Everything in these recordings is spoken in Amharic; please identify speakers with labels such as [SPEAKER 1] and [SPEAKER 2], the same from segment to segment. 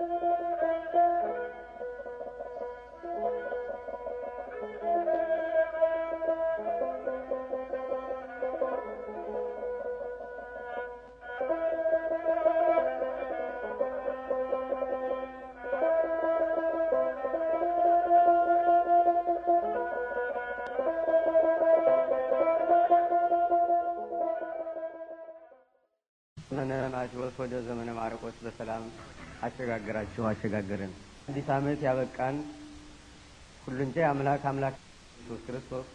[SPEAKER 1] Thank you. ክርስቶስ ወደ ዘመነ ማርቆስ በሰላም አሸጋገራችሁ አሸጋገረን። አንዲት ዓመት ያበቃን ሁሉን ቻይ አምላክ አምላክ ኢየሱስ ክርስቶስ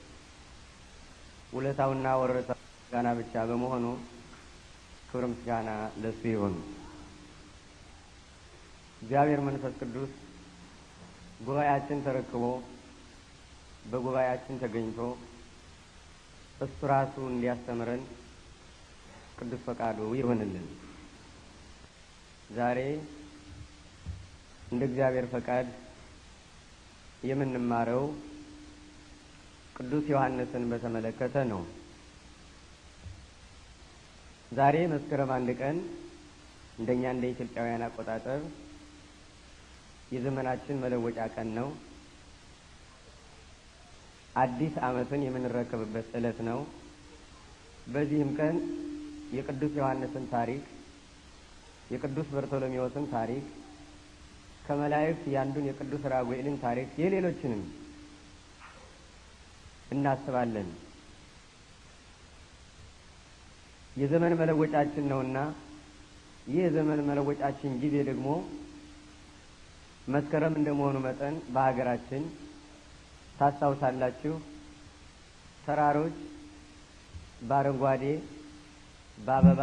[SPEAKER 1] ውለታውና ወረታ ምስጋና ብቻ በመሆኑ ክብር ምስጋና ለሱ ይሁን። እግዚአብሔር መንፈስ ቅዱስ ጉባኤያችን ተረክቦ በጉባኤያችን ተገኝቶ እሱ ራሱ እንዲያስተምረን ቅዱስ ፈቃዱ ይሁንልን። ዛሬ እንደ እግዚአብሔር ፈቃድ የምንማረው ቅዱስ ዮሐንስን በተመለከተ ነው። ዛሬ መስከረም አንድ ቀን እንደኛ እንደ ኢትዮጵያውያን አቆጣጠር የዘመናችን መለወጫ ቀን ነው። አዲስ ዓመትን የምንረከብበት ዕለት ነው። በዚህም ቀን የቅዱስ ዮሐንስን ታሪክ የቅዱስ በርቶሎሜዎስን ታሪክ ከመላእክት ያንዱን የቅዱስ ራጉኤልን ታሪክ የሌሎችንም እናስባለን። የዘመን መለወጫችን ነውና ይህ የዘመን መለወጫችን ጊዜ ደግሞ መስከረም እንደመሆኑ መጠን በሀገራችን ታስታውሳላችሁ፣ ተራሮች በአረንጓዴ በአበባ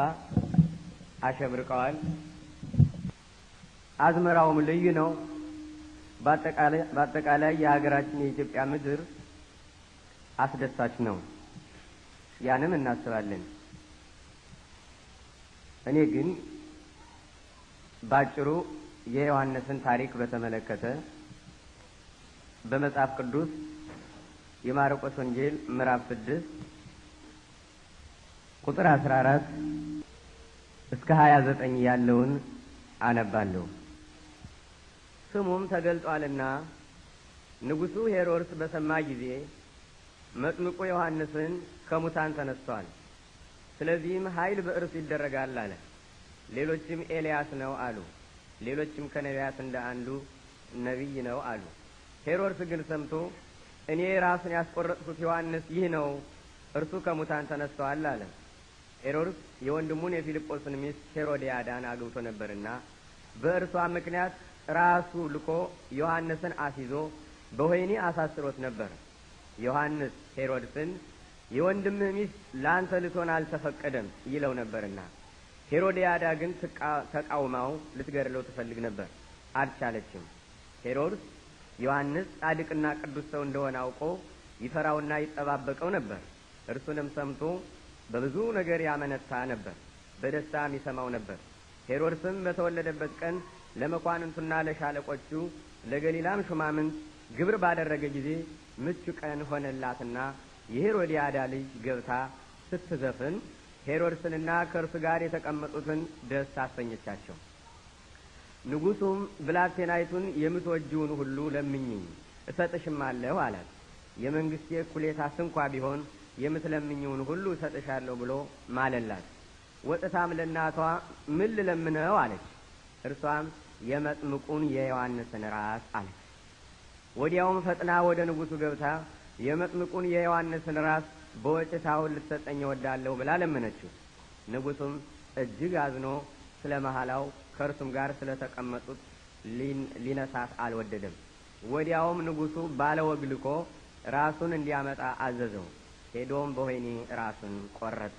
[SPEAKER 1] አሸብርቀዋል። አዝመራውም ልዩ ነው። በአጠቃላይ የሀገራችን የኢትዮጵያ ምድር አስደሳች ነው። ያንም እናስባለን። እኔ ግን ባጭሩ የዮሐንስን ታሪክ በተመለከተ በመጽሐፍ ቅዱስ የማርቆስ ወንጌል ምዕራፍ ስድስት ቁጥር አስራ አራት እስከ ሀያ ዘጠኝ ያለውን አነባለሁ። ስሙም ተገልጧልና ንጉሡ ሄሮድስ በሰማ ጊዜ መጥምቁ ዮሐንስን ከሙታን ተነስቷል፣ ስለዚህም ኃይል በእርሱ ይደረጋል አለ። ሌሎችም ኤልያስ ነው አሉ። ሌሎችም ከነቢያት እንደ አንዱ ነቢይ ነው አሉ። ሄሮድስ ግን ሰምቶ እኔ ራሱን ያስቆረጥሁት ዮሐንስ ይህ ነው፣ እርሱ ከሙታን ተነስቷል አለ። ሄሮድስ የወንድሙን የፊልጶስን ሚስት ሄሮዲያዳን አግብቶ ነበርና በእርሷ ምክንያት ራሱ ልኮ ዮሐንስን አስይዞ በወህኒ አሳስሮት ነበር። ዮሐንስ ሄሮድስን የወንድምህ ሚስት ለአንተ ልትሆን አልተፈቀደም ይለው ነበርና፣ ሄሮዲያዳ ግን ተቃውማው ልትገድለው ትፈልግ ነበር፣ አልቻለችም። ሄሮድስ ዮሐንስ ጻድቅና ቅዱስ ሰው እንደሆነ አውቆ ይፈራውና ይጠባበቀው ነበር። እርሱንም ሰምቶ በብዙ ነገር ያመነታ ነበር፣ በደስታ ይሰማው ነበር። ሄሮድስም በተወለደበት ቀን ለመኳንንቱና ለሻለቆቹ ለገሊላም ሹማምንት ግብር ባደረገ ጊዜ ምቹ ቀን ሆነላትና የሄሮድያዳ ልጅ ገብታ ስትዘፍን ሄሮድስንና ከእርሱ ጋር የተቀመጡትን ደስ አሰኘቻቸው። ንጉሡም ብላቴናይቱን የምትወጂውን ሁሉ ለምኝኝ አለሁ አላት። የመንግስቴ እኩሌታ ስንኳ ቢሆን የምትለምኝውን ሁሉ እሰጥሻለሁ ብሎ ማለላት። ወጥታም ለእናቷ ምን ልለምነው አለች። እርሷም የመጥምቁን የዮሐንስን ራስ አለች። ወዲያውም ፈጥና ወደ ንጉሡ ገብታ የመጥምቁን የዮሐንስን ራስ በወጭት አሁን ልትሰጠኝ እወዳለሁ ብላ ለመነችው። ንጉሡም እጅግ አዝኖ ስለ መሐላው ከእርሱም ጋር ስለ ተቀመጡት ሊነሳት አልወደደም። ወዲያውም ንጉሡ ባለወግ ልኮ ራሱን እንዲያመጣ አዘዘው። ሄዶም በወህኒ ራሱን ቆረጠ።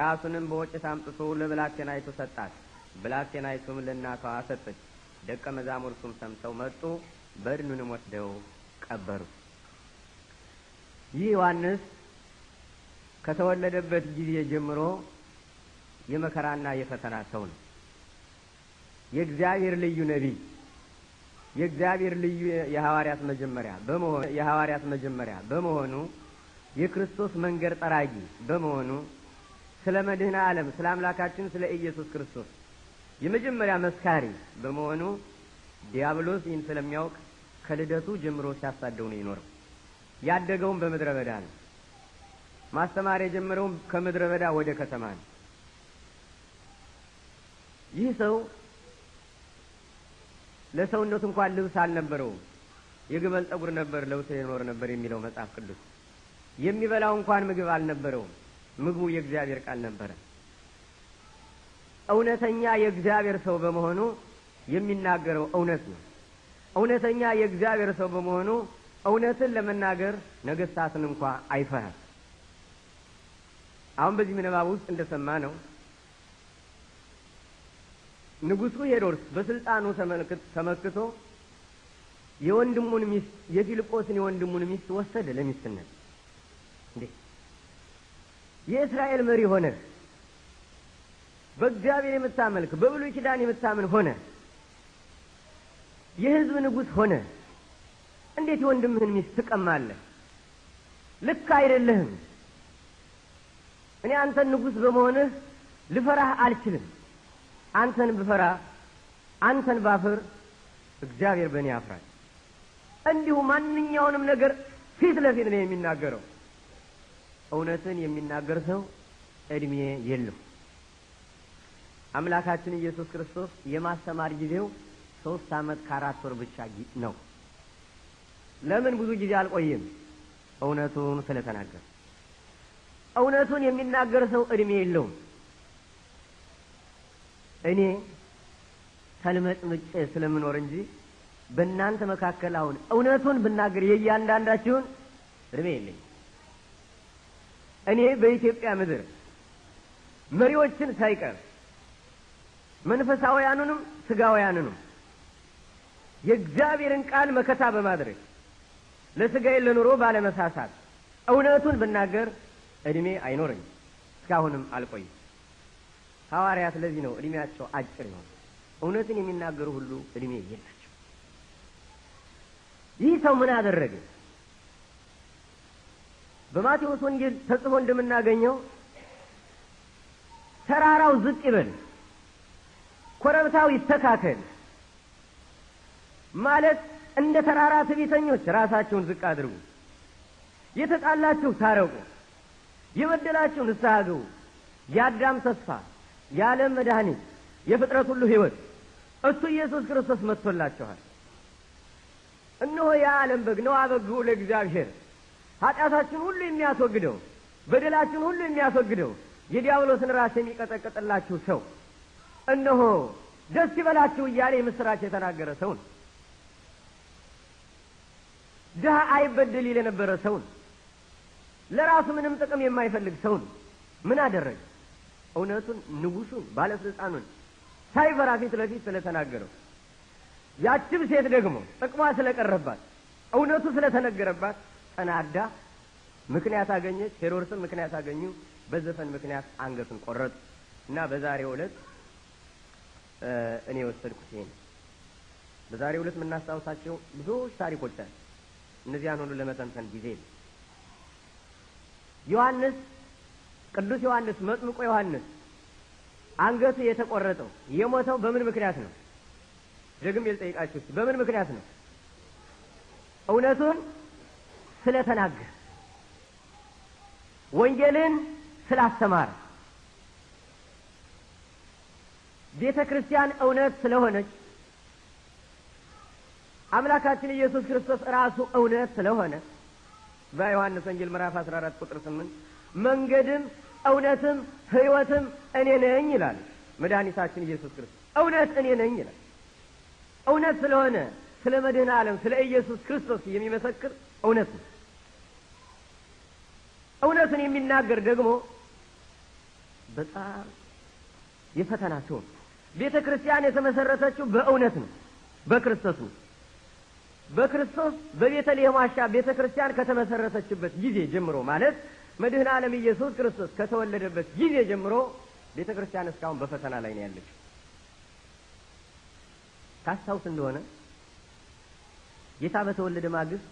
[SPEAKER 1] ራሱንም በወጭት አምጥቶ ለብላቴናይቱ ሰጣት። ብላቴናይቱም ለእናቷ ሰጠች። ደቀ መዛሙርቱም ሰምተው መጡ፣ በድኑንም ወስደው ቀበሩ። ይህ ዮሐንስ ከተወለደበት ጊዜ ጀምሮ የመከራና የፈተና ሰው ነው። የእግዚአብሔር ልዩ ነቢይ፣ የእግዚአብሔር ልዩ የሐዋርያት መጀመሪያ በመሆኑ የሐዋርያት መጀመሪያ በመሆኑ የክርስቶስ መንገድ ጠራጊ በመሆኑ ስለ መድህነ ዓለም ስለ አምላካችን ስለ ኢየሱስ ክርስቶስ የመጀመሪያ መስካሪ በመሆኑ ዲያብሎስ ይህን ስለሚያውቅ ከልደቱ ጀምሮ ሲያሳደው ነው ይኖረው። ያደገውም በምድረ በዳ ነው። ማስተማር የጀመረውም ከምድረ በዳ ወደ ከተማ ነው። ይህ ሰው ለሰውነቱ እንኳን ልብስ አልነበረውም። የግመል ጠጉር ነበር ለብሶ የኖር ነበር የሚለው መጽሐፍ ቅዱስ የሚበላው እንኳን ምግብ አልነበረውም። ምግቡ የእግዚአብሔር ቃል ነበረ። እውነተኛ የእግዚአብሔር ሰው በመሆኑ የሚናገረው እውነት ነው። እውነተኛ የእግዚአብሔር ሰው በመሆኑ እውነትን ለመናገር ነገስታትን እንኳ አይፈራም። አሁን በዚህ ምንባብ ውስጥ እንደሰማ ነው ንጉሱ ሄሮድስ በስልጣኑ ተመክቶ የወንድሙን ሚስት የፊልጶስን የወንድሙን ሚስት ወሰደ ለሚስትነት። እንዴ የእስራኤል መሪ ሆነ በእግዚአብሔር የምታመልክ በብሉ ኪዳን የምታምን ሆነ የህዝብ ንጉሥ ሆነ እንዴት የወንድምህን ሚስት ትቀማለህ? ልክ አይደለህም። እኔ አንተን ንጉሥ በመሆንህ ልፈራህ አልችልም። አንተን ብፈራ አንተን ባፍር እግዚአብሔር በእኔ ያፍራል። እንዲሁ ማንኛውንም ነገር ፊት ለፊት ነው የሚናገረው። እውነትን የሚናገር ሰው እድሜ የለው። አምላካችን ኢየሱስ ክርስቶስ የማስተማር ጊዜው ሶስት አመት ከአራት ወር ብቻ ነው። ለምን ብዙ ጊዜ አልቆየም? እውነቱን ስለተናገር። እውነቱን የሚናገር ሰው እድሜ የለውም። እኔ ተልመጥምጬ ስለምኖር እንጂ በእናንተ መካከል አሁን እውነቱን ብናገር የእያንዳንዳችሁን እድሜ የለኝም። እኔ በኢትዮጵያ ምድር መሪዎችን ሳይቀር መንፈሳውያኑንም ስጋውያኑንም የእግዚአብሔርን ቃል መከታ በማድረግ ለስጋዬ ለኑሮ ባለመሳሳት እውነቱን ብናገር እድሜ አይኖረኝ እስካሁንም አልቆይም። ሐዋርያ ስለዚህ ነው እድሜያቸው አጭር ይሆን። እውነትን የሚናገሩ ሁሉ እድሜ የላቸው። ይህ ሰው ምን አደረገ? በማቴዎስ ወንጌል ተጽፎ እንደምናገኘው ተራራው ዝቅ ይበል፣ ኮረብታው ይስተካከል ማለት እንደ ተራራ ትቢተኞች ራሳቸውን ዝቅ አድርጉ፣ የተጣላችሁ ታረቁ፣ የበደላችሁ ንስሐ ግቡ። የአዳም ተስፋ የዓለም መድኃኒት የፍጥረት ሁሉ ሕይወት እሱ ኢየሱስ ክርስቶስ መጥቶላችኋል። እነሆ የዓለም በግ ነው አበግሁ ለእግዚአብሔር ኃጢአታችን ሁሉ የሚያስወግደው በደላችን ሁሉ የሚያስወግደው የዲያብሎስን ራስ የሚቀጠቅጥላችሁ ሰው እነሆ ደስ ይበላችሁ እያለ የምስራች የተናገረ ሰው ነው። ድሀ አይበደል ይል የነበረ ሰው ነው። ለራሱ ምንም ጥቅም የማይፈልግ ሰው ነው። ምን አደረገ? እውነቱን ንጉሱን፣ ባለስልጣኑን ሳይፈራ ፊት ለፊት ስለተናገረው ያችም ሴት ደግሞ ጥቅሟ ስለቀረባት እውነቱ ስለተነገረባት ተናዳ ምክንያት አገኘች። ሄሮድስም ምክንያት አገኙ። በዘፈን ምክንያት አንገቱን ቆረጡ እና በዛሬ ዕለት እኔ የወሰድኩት ይሄ ነው። ሁለት ዕለት የምናስታውሳቸው ብዙዎች ታሪኮች አሉ። እነዚያን ሁሉ ለመተንተን ጊዜ ነው። ዮሐንስ ቅዱስ ዮሐንስ መጥምቆ ዮሐንስ አንገቱ የተቆረጠው የሞተው በምን ምክንያት ነው? ደግሜ ልጠይቃችሁ፣ በምን ምክንያት ነው? እውነቱን ተናገር ወንጌልን ስላስተማር ቤተ ክርስቲያን እውነት ስለሆነች አምላካችን ኢየሱስ ክርስቶስ ራሱ እውነት ስለሆነ በዮሐንስ ወንጌል ምዕራፍ 14 ቁጥር 8 መንገድም እውነትም ህይወትም እኔ ነኝ ይላል መድኃኒታችን ኢየሱስ ክርስቶስ። እውነት እኔ ነኝ ይላል። እውነት ስለሆነ ስለ መድህን ዓለም ስለ ኢየሱስ ክርስቶስ የሚመሰክር እውነት ነው። እውነቱን የሚናገር ደግሞ በጣም የፈተና ሲሆን ቤተ ክርስቲያን የተመሰረተችው በእውነት ነው፣ በክርስቶስ ነው። በክርስቶስ በቤተልሔም ዋሻ ቤተ ክርስቲያን ከተመሰረተችበት ጊዜ ጀምሮ ማለት መድህን ዓለም ኢየሱስ ክርስቶስ ከተወለደበት ጊዜ ጀምሮ ቤተ ክርስቲያን እስካሁን በፈተና ላይ ነው ያለችው። ታስታውስ እንደሆነ ጌታ በተወለደ ማግስት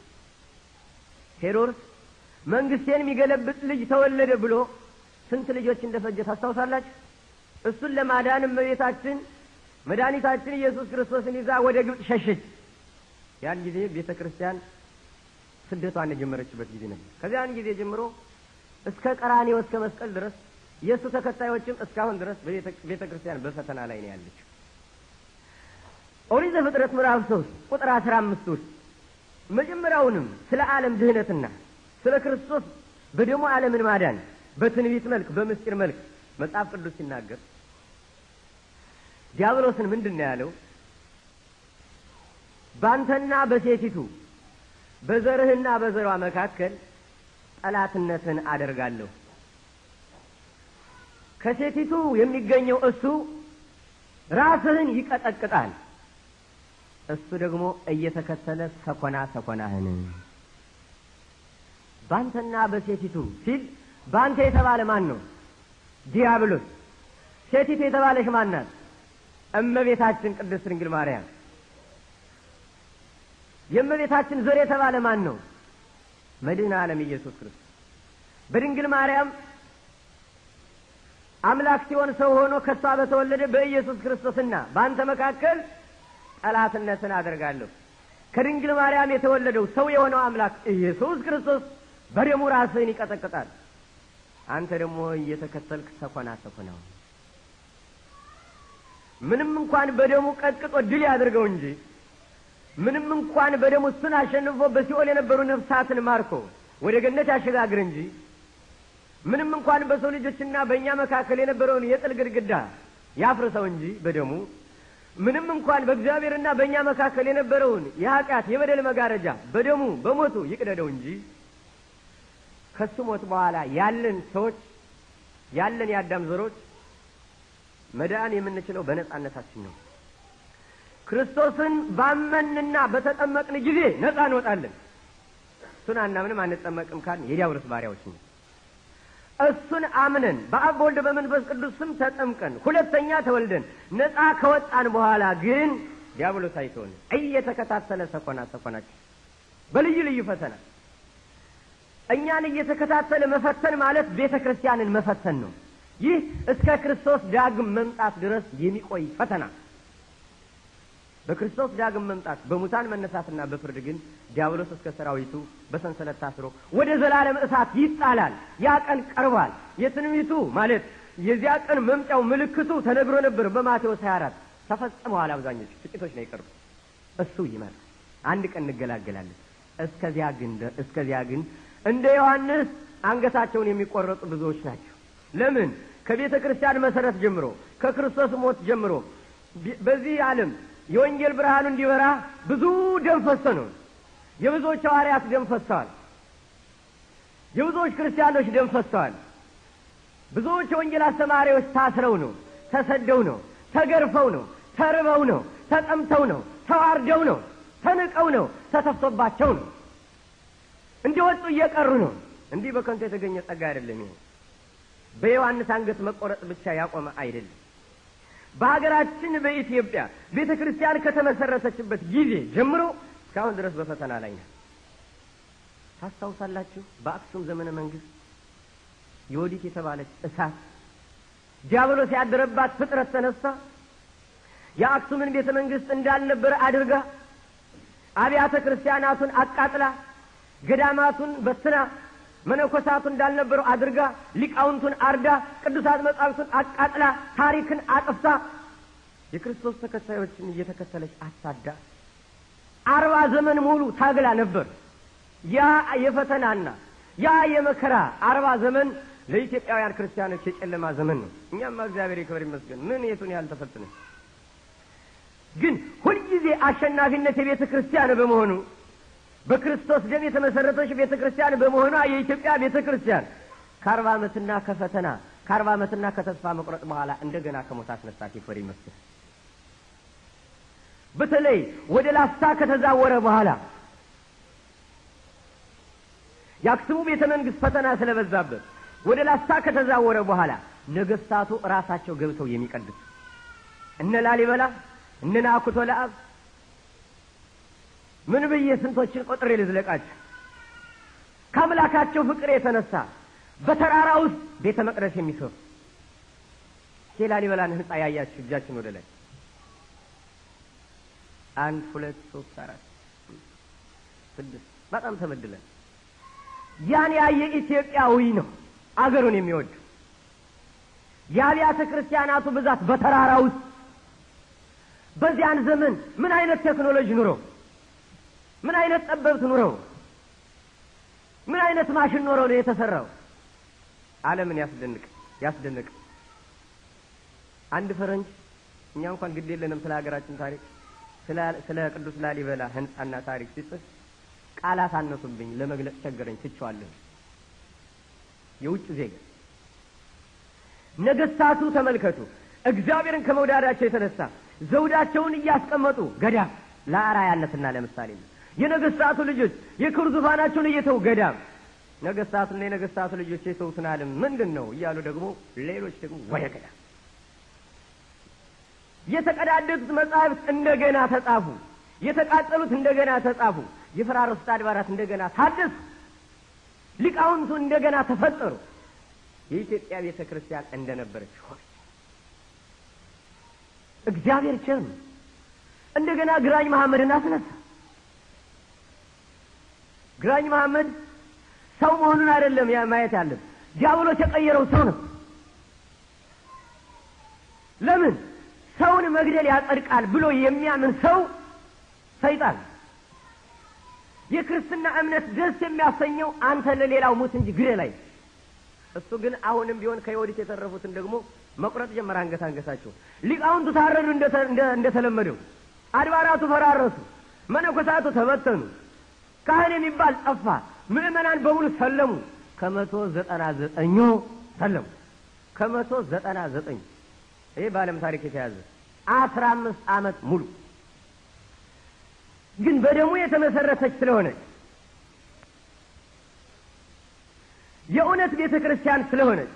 [SPEAKER 1] ሄሮድስ መንግስቴን የሚገለብጥ ልጅ ተወለደ ብሎ ስንት ልጆች እንደፈጀ ታስታውሳላችሁ? እሱን ለማዳን እመቤታችን መድኃኒታችን ኢየሱስ ክርስቶስን ይዛ ወደ ግብጥ ሸሸች። ያን ጊዜ ቤተ ክርስቲያን ስደቷን የጀመረችበት ጊዜ ነበር። ከዚያን ጊዜ ጀምሮ እስከ ቀራኔው እስከ መስቀል ድረስ የእሱ ተከታዮችም እስካሁን ድረስ ቤተ ክርስቲያን በፈተና ላይ ነው ያለች ኦሪት ዘፍጥረት ምዕራፍ ሶስት ቁጥር አስራ አምስት ውስጥ መጀመሪያውንም ስለ ዓለም ድህነትና ስለ ክርስቶስ በደሞ ዓለምን ማዳን በትንቢት መልክ በምስጢር መልክ መጽሐፍ ቅዱስ ሲናገር ዲያብሎስን ምንድን ነው ያለው? ባንተና በሴቲቱ በዘርህና በዘሯ መካከል ጠላትነትን አደርጋለሁ። ከሴቲቱ የሚገኘው እሱ ራስህን ይቀጠቅጣል፣ እሱ ደግሞ እየተከተለ ሰኮና ሰኮናህን ባንተና በሴቲቱ ሲል ባንተ የተባለ ማን ነው? ዲያብሎስ። ሴቲቱ የተባለሽ ማን ናት? እመቤታችን ቅድስት ድንግል ማርያም። የእመቤታችን ዘር የተባለ ማን ነው? መድህን ዓለም ኢየሱስ ክርስቶስ። በድንግል ማርያም አምላክ ሲሆን ሰው ሆኖ ከሷ በተወለደ በኢየሱስ ክርስቶስና በአንተ መካከል ጠላትነትን አደርጋለሁ። ከድንግል ማርያም የተወለደው ሰው የሆነው አምላክ ኢየሱስ ክርስቶስ በደሙ ራስህን ይቀጠቅጣል። አንተ ደግሞ እየተከተልክ ነው ምንም እንኳን በደሙ ቀጥቅጦ ድል ያድርገው እንጂ ምንም እንኳን በደሙ እሱን አሸንፎ በሲኦል የነበሩ ነፍሳትን ማርኮ ወደ ገነት ያሸጋግር እንጂ ምንም እንኳን በሰው ልጆችና በእኛ መካከል የነበረውን የጥል ግድግዳ ያፍርሰው እንጂ በደሙ ምንም እንኳን በእግዚአብሔርና በእኛ መካከል የነበረውን የኃጢአት የበደል መጋረጃ በደሙ በሞቱ ይቅደደው እንጂ ከሱ ሞት በኋላ ያለን ሰዎች ያለን የአዳም ዘሮች መዳን የምንችለው በነጻነታችን ነው። ክርስቶስን ባመንና በተጠመቅን ጊዜ ነጻ እንወጣለን። እሱን አናምንም አንጠመቅም ካል የዲያብሎስ ባሪያዎች ነው። እሱን አምነን በአብ በወልድ በመንፈስ ቅዱስ ስም ተጠምቀን ሁለተኛ ተወልደን ነጻ ከወጣን በኋላ ግን ዲያብሎስ አይተውንም። እየተከታተለ ሰኮና ሰኮናችን በልዩ ልዩ ፈተና እኛን እየተከታተለ መፈተን ማለት ቤተ ክርስቲያንን መፈተን ነው። ይህ እስከ ክርስቶስ ዳግም መምጣት ድረስ የሚቆይ ፈተና። በክርስቶስ ዳግም መምጣት በሙታን መነሳትና በፍርድ ግን ዲያብሎስ እስከ ሰራዊቱ በሰንሰለት ታስሮ ወደ ዘላለም እሳት ይጣላል። ያ ቀን ቀርቧል። የትንቢቱ ማለት የዚያ ቀን መምጫው ምልክቱ ተነግሮ ነበር በማቴዎስ 24 ተፈጽመዋል። አብዛኞቹ ጥቂቶች ነው የቀሩ። እሱ ይመጣል። አንድ ቀን እንገላገላለን። እስከዚያ ግን እስከዚያ ግን እንደ ዮሐንስ አንገታቸውን የሚቆረጡ ብዙዎች ናቸው። ለምን? ከቤተ ክርስቲያን መሰረት ጀምሮ ከክርስቶስ ሞት ጀምሮ በዚህ ዓለም የወንጌል ብርሃኑ እንዲበራ ብዙ ደም ፈሰ ነው። የብዙዎች ሐዋርያት ደም ፈሰዋል። የብዙዎች ክርስቲያኖች ደም ፈሰዋል። ብዙዎች የወንጌል አስተማሪዎች ታስረው ነው፣ ተሰደው ነው፣ ተገርፈው ነው፣ ተርበው ነው፣ ተጠምተው ነው፣ ተዋርደው ነው፣ ተንቀው ነው፣ ተተፍቶባቸው ነው። እንዲወጡ እየቀሩ ነው። እንዲህ በከንቱ የተገኘ ጸጋ አይደለም። ይሄ በዮሐንስ አንገት መቆረጥ ብቻ ያቆመ አይደለም። በሀገራችን በኢትዮጵያ ቤተ ክርስቲያን ከተመሰረተችበት ጊዜ ጀምሮ እስካሁን ድረስ በፈተና ላይ ነው። ታስታውሳላችሁ? በአክሱም ዘመነ መንግስት የወዲት የተባለች እሳት ዲያብሎስ ያደረባት ፍጥረት ተነሳ የአክሱምን ቤተ መንግስት እንዳልነበረ አድርጋ አብያተ ክርስቲያናቱን አቃጥላ ገዳማቱን በትና፣ መነኮሳቱ እንዳልነበረው አድርጋ ሊቃውንቱን አርዳ ቅዱሳት መጻሕፍቱን አቃጥላ ታሪክን አጥፍታ የክርስቶስ ተከታዮችን እየተከተለች አሳዳ አርባ ዘመን ሙሉ ታግላ ነበር። ያ የፈተናና ያ የመከራ አርባ ዘመን ለኢትዮጵያውያን ክርስቲያኖች የጨለማ ዘመን ነው። እኛማ እግዚአብሔር ይክበር ይመስገን ምን የቱን ያህል ተፈትነ። ግን ሁልጊዜ አሸናፊነት የቤተ ክርስቲያን በመሆኑ በክርስቶስ ደም የተመሰረተች ቤተ ክርስቲያን በመሆኗ የኢትዮጵያ ቤተ ክርስቲያን ከአርባ ዓመትና ከፈተና ከአርባ ዓመትና ከተስፋ መቁረጥ በኋላ እንደገና ከሞት አስነሳት ይፈር ይመስል በተለይ ወደ ላስታ ከተዛወረ በኋላ የአክስሙ ቤተ መንግስት ፈተና ስለበዛበት ወደ ላስታ ከተዛወረ በኋላ ነገስታቱ ራሳቸው ገብተው የሚቀድስ እነ ላሊበላ እነ ናኩቶ ለአብ ምን ብዬ ስንቶችን ቆጥሬ ልዝለቃችሁ? ከአምላካቸው ፍቅር የተነሳ በተራራ ውስጥ ቤተ መቅደስ የሚሰሩ የላሊበላን ህንጻ ያያችሁ እጃችን ወደ ላይ አንድ ሁለት ሶስት አራት ስድስት በጣም ተበድለን ያን ያየ ኢትዮጵያዊ ነው አገሩን የሚወድ የአብያተ ክርስቲያናቱ ብዛት በተራራ ውስጥ በዚያን ዘመን ምን አይነት ቴክኖሎጂ ኑረው ምን አይነት ጠበብት ኑረው፣ ምን አይነት ማሽን ኖረው ነው የተሰራው? አለምን ያስደንቅ ያስደንቅ። አንድ ፈረንጅ እኛ እንኳን ግድ የለንም ስለ ሀገራችን ታሪክ ስለ ቅዱስ ላሊበላ ህንጻና ታሪክ ሲጽፍ ቃላት አነሱብኝ፣ ለመግለጽ ቸገረኝ፣ ትቼዋለሁ። የውጭ ዜጋ ነገስታቱ ተመልከቱ፣ እግዚአብሔርን ከመውዳዳቸው የተነሳ ዘውዳቸውን እያስቀመጡ ገዳም ለአራያነትና ለምሳሌ ነው። የነገስታቱ ልጆች የክብር ዙፋናቸውን እየተው ገዳም ነገስታቱና የነገስታቱ ልጆች የተውትን ምንድን ነው እያሉ ደግሞ ሌሎች ደግሞ ወደ ገዳም የተቀዳደዱት መጻሕፍት እንደገና ተጻፉ። የተቃጠሉት እንደገና ተጻፉ። የፈራረሱት አድባራት እንደገና ታደሱ። ሊቃውንቱ እንደገና ተፈጠሩ። የኢትዮጵያ ቤተ ክርስቲያን እንደነበረች ሆነች። እግዚአብሔር ቸር እንደገና ግራኝ መሐመድን አስነሳ። ግራኝ መሐመድ ሰው መሆኑን አይደለም ማየት ያለን፣ ዲያብሎስ የቀየረው ሰው ነው። ለምን ሰውን መግደል ያጸድቃል ብሎ የሚያምን ሰው ሰይጣን። የክርስትና እምነት ደስ የሚያሰኘው አንተ ለሌላው ሙት እንጂ ግሬ ላይ እሱ ግን አሁንም ቢሆን ከይሁዲት የተረፉትን ደግሞ መቁረጥ ጀመረ አንገት አንገታቸው። ሊቃውንቱ ታረዱ እንደተለመደው፣ አድባራቱ ፈራረሱ፣ መነኮሳቱ ተበተኑ። ካህን የሚባል ጠፋ። ምእመናን በሙሉ ሰለሙ። ከመቶ ዘጠና ዘጠኙ ሰለሙ። ከመቶ ዘጠና ዘጠኝ ይህ በዓለም ታሪክ የተያዘ አስራ አምስት ዓመት ሙሉ ግን በደሙ የተመሰረተች ስለሆነች የእውነት ቤተ ክርስቲያን ስለሆነች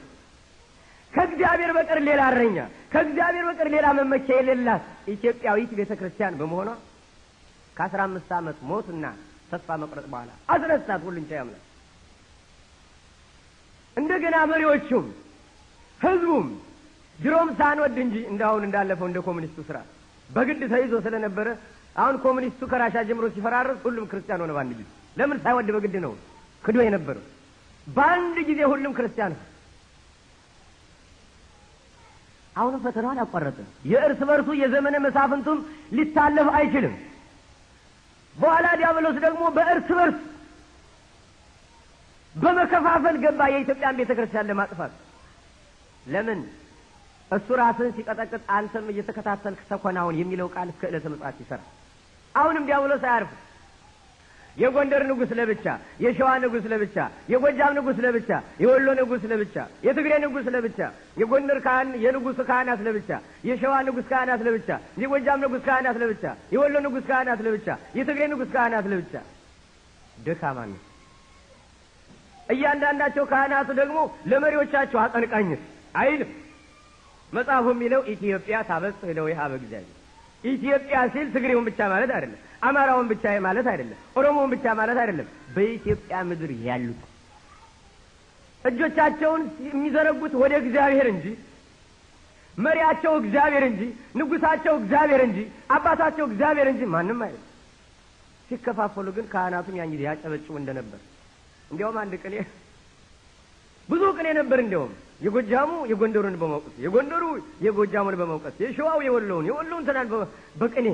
[SPEAKER 1] ከእግዚአብሔር በቀር ሌላ እረኛ ከእግዚአብሔር በቀር ሌላ መመኪያ የሌላት ኢትዮጵያዊት ቤተ ክርስቲያን በመሆኗ ከአስራ አምስት ዓመት ሞትና ተስፋ መቁረጥ በኋላ አስነሳት ሁሉን ቻይ አምላክ። እንደገና መሪዎቹም ህዝቡም ድሮም ሳንወድ እንጂ እንደ አሁን እንዳለፈው እንደ ኮሚኒስቱ ስራ በግድ ተይዞ ስለነበረ አሁን ኮሚኒስቱ ከራሻ ጀምሮ ሲፈራረስ ሁሉም ክርስቲያን ሆነ በአንድ ጊዜ። ለምን ሳይወድ በግድ ነው ክዶ የነበረው። በአንድ ጊዜ ሁሉም ክርስቲያን አሁንም ፈተናው አላቋረጠም። የእርስ በርሱ የዘመነ መሳፍንቱም ሊታለፍ አይችልም። በኋላ ዲያብሎስ ደግሞ በእርስ በርስ በመከፋፈል ገባ የኢትዮጵያን ቤተ ክርስቲያን ለማጥፋት። ለምን እሱ ራስን ሲቀጠቅጥ አንተም እየተከታተልክ ተኮናውን የሚለው ቃል እስከ ዕለተ መጽት ይሰራል። አሁንም ዲያብሎስ አያርፍም። የጎንደር ንጉሥ ለብቻ፣ የሸዋ ንጉሥ ለብቻ፣ የጎጃም ንጉሥ ለብቻ፣ የወሎ ንጉሥ ለብቻ፣ የትግሬ ንጉሥ ለብቻ፣ የጎንደር ካህን የንጉሥ ካህናት ለብቻ፣ የሸዋ ንጉሥ ካህናት ለብቻ፣ የጎጃም ንጉሥ ካህናት ለብቻ፣ የወሎ ንጉሥ ካህናት ለብቻ፣ የትግሬ ንጉሥ ካህናት ለብቻ ደካማ ነው። እያንዳንዳቸው ካህናት ደግሞ ለመሪዎቻቸው አቀንቃኝስ አይልም። መጽሐፉ የሚለው ኢትዮጵያ ታበጽሕ እለዊሃ በእግዚአብሔር ኢትዮጵያ ሲል ትግሬውን ብቻ ማለት አይደለም። አማራውን ብቻ ማለት አይደለም፣ ኦሮሞውን ብቻ ማለት አይደለም። በኢትዮጵያ ምድር ያሉት እጆቻቸውን የሚዘረጉት ወደ እግዚአብሔር እንጂ መሪያቸው እግዚአብሔር እንጂ ንጉሳቸው እግዚአብሔር እንጂ አባታቸው እግዚአብሔር እንጂ ማንም አይደለም። ሲከፋፈሉ ግን ካህናቱም ያን ጊዜ ያጨበጭቡ እንደነበር እንዲያውም አንድ ቅኔ ብዙ ቅኔ ነበር። እንዲያውም የጎጃሙ የጎንደሩን በመውቀስ የጎንደሩ የጎጃሙን በመውቀስ የሸዋው የወለውን የወለውን ትናንት በቅኔ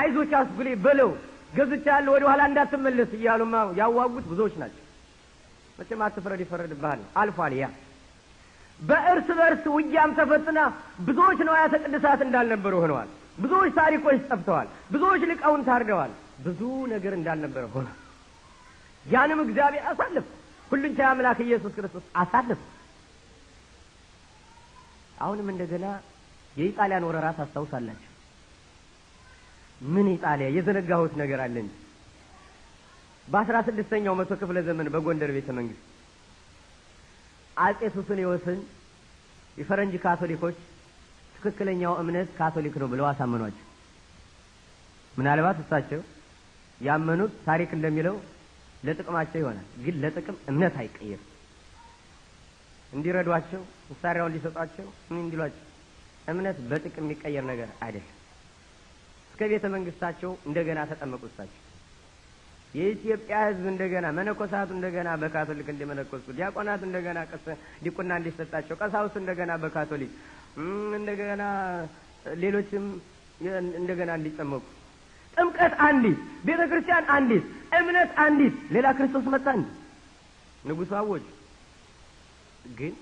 [SPEAKER 1] አይዞች አስጉሌ በለው ገዝቻለሁ ወደ ኋላ እንዳትመለስ እያሉማ ያዋጉት ብዙዎች ናቸው። መቼም አትፍረድ ይፈረድብሃል ነው አልፏል። ያ በእርስ በእርስ ውያም ተፈትና ብዙዎች ነዋያተ ቅድሳት እንዳልነበሩ ሆነዋል። ብዙዎች ታሪኮች ጠፍተዋል። ብዙዎች ልቃውን ታርደዋል። ብዙ ነገር እንዳልነበረ ሆነ። ያንም እግዚአብሔር አሳልፍ ሁሉን ቻይ አምላክ ኢየሱስ ክርስቶስ አሳልፍ። አሁንም እንደገና የኢጣሊያን ወረራ ታስታውሳላችሁ። ምን ኢጣሊያ የዘነጋሁት ነገር አለ እንጂ በአስራ ስድስተኛው መቶ ክፍለ ዘመን በጎንደር ቤተ መንግስት አጼ ሱስንዮስን የፈረንጅ ካቶሊኮች ትክክለኛው እምነት ካቶሊክ ነው ብለው አሳመኗቸው። ምናልባት እሳቸው ያመኑት ታሪክ እንደሚለው ለጥቅማቸው ይሆናል፣ ግን ለጥቅም እምነት አይቀየርም። እንዲረዷቸው፣ መሳሪያውን እንዲሰጧቸው፣ ምን እንዲሏቸው እምነት በጥቅም የሚቀየር ነገር አይደለም። እስከ ቤተ መንግስታቸው እንደገና ተጠመቁ። እሳቸው የኢትዮጵያ ሕዝብ እንደገና መነኮሳቱ እንደገና በካቶሊክ እንዲመነኮሱ፣ ዲያቆናቱ እንደገና ዲቁና እንዲሰጣቸው፣ ቀሳውስቱ እንደገና በካቶሊክ እንደገና ሌሎችም እንደገና እንዲጠመቁ ጥምቀት አንዲት፣ ቤተ ክርስቲያን አንዲት፣ እምነት አንዲት። ሌላ ክርስቶስ መጣ እንዲ ንጉሱ አወጁ። ግን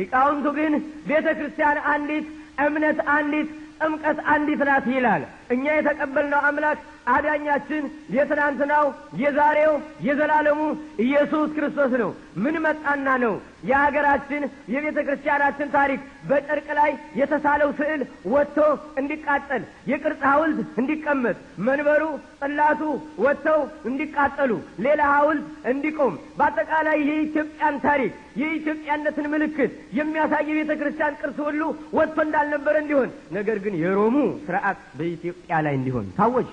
[SPEAKER 1] ሊቃውንቱ ግን ቤተ ክርስቲያን አንዲት፣ እምነት አንዲት ጥምቀት አንዲት ናት ይላል እኛ የተቀበልነው አምላክ አዳኛችን የትናንትናው የዛሬው የዘላለሙ ኢየሱስ ክርስቶስ ነው። ምን መጣና ነው የሀገራችን የቤተ ክርስቲያናችን ታሪክ በጨርቅ ላይ የተሳለው ስዕል ወጥቶ እንዲቃጠል፣ የቅርጽ ሐውልት እንዲቀመጥ፣ መንበሩ ጽላቱ ወጥተው እንዲቃጠሉ፣ ሌላ ሐውልት እንዲቆም፣ በአጠቃላይ የኢትዮጵያን ታሪክ የኢትዮጵያነትን ምልክት የሚያሳይ የቤተ ክርስቲያን ቅርስ ሁሉ ወጥቶ እንዳልነበረ እንዲሆን ነገር ግን የሮሙ ስርዓት በኢትዮ ኢትዮጵያ ላይ እንዲሆን ታወጅ።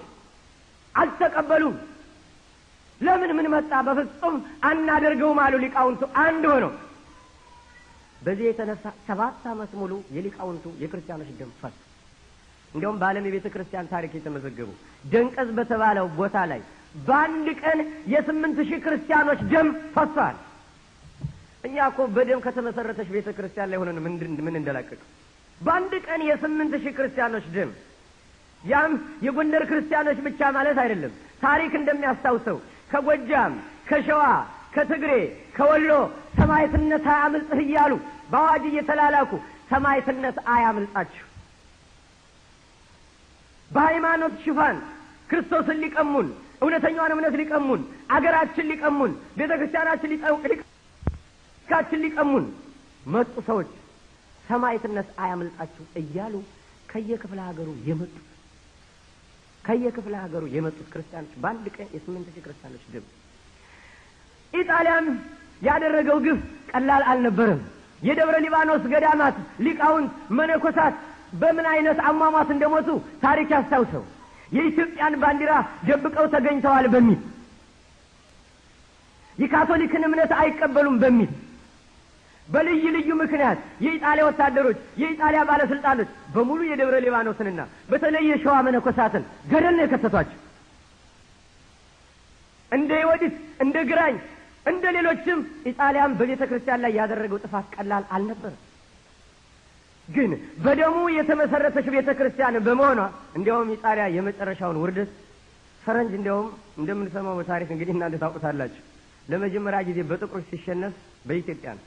[SPEAKER 1] አልተቀበሉም። ለምን ምን መጣ? በፍጹም አናደርገውም አሉ ሊቃውንቱ አንድ ሆነው። በዚህ የተነሳ ሰባት ዓመት ሙሉ የሊቃውንቱ የክርስቲያኖች ደም ፈስ። እንዲሁም በዓለም የቤተ ክርስቲያን ታሪክ የተመዘገቡ ደንቀዝ በተባለው ቦታ ላይ በአንድ ቀን የስምንት ሺህ ክርስቲያኖች ደም ፈሷል። እኛ እኮ በደም ከተመሰረተች ቤተ ክርስቲያን ላይ ሆነን ምን እንደላቀቅ በአንድ ቀን የስምንት ሺህ ክርስቲያኖች ደም ያም የጎንደር ክርስቲያኖች ብቻ ማለት አይደለም። ታሪክ እንደሚያስታውሰው ከጎጃም፣ ከሸዋ፣ ከትግሬ፣ ከወሎ ሰማይትነት አያምልጥህ እያሉ በአዋጅ እየተላላኩ ሰማይትነት አያምልጣችሁ። በሃይማኖት ሽፋን ክርስቶስን ሊቀሙን፣ እውነተኛዋን እምነት ሊቀሙን፣ አገራችን ሊቀሙን፣ ቤተ ክርስቲያናችን ሊቀሙን መጡ ሰዎች ሰማይትነት አያምልጣችሁ እያሉ ከየክፍለ ሀገሩ የመጡት ከየክፍለ ሀገሩ የመጡት ክርስቲያኖች በአንድ ቀን የስምንት ሺህ ክርስቲያኖች ግብ ኢጣሊያን ያደረገው ግፍ ቀላል አልነበረም። የደብረ ሊባኖስ ገዳማት ሊቃውንት፣ መነኮሳት በምን አይነት አሟሟት እንደሞቱ ታሪክ ያስታውሰው። የኢትዮጵያን ባንዲራ ደብቀው ተገኝተዋል በሚል የካቶሊክን እምነት አይቀበሉም በሚል በልዩ ልዩ ምክንያት የኢጣሊያ ወታደሮች፣ የኢጣሊያ ባለስልጣኖች በሙሉ የደብረ ሊባኖስንና በተለይ የሸዋ መነኮሳትን ገደል ነው የከተቷቸው። እንደ ወዲት እንደ ግራኝ እንደ ሌሎችም ኢጣሊያን በቤተ ክርስቲያን ላይ ያደረገው ጥፋት ቀላል አልነበረም። ግን በደሙ የተመሰረተች ቤተ ክርስቲያን በመሆኗ እንዲያውም ኢጣሊያ የመጨረሻውን ውርደት ፈረንጅ እንዲያውም እንደምንሰማው በታሪክ እንግዲህ እናንተ ታውቁታላችሁ ለመጀመሪያ ጊዜ በጥቁሮች ሲሸነፍ በኢትዮጵያ ነው።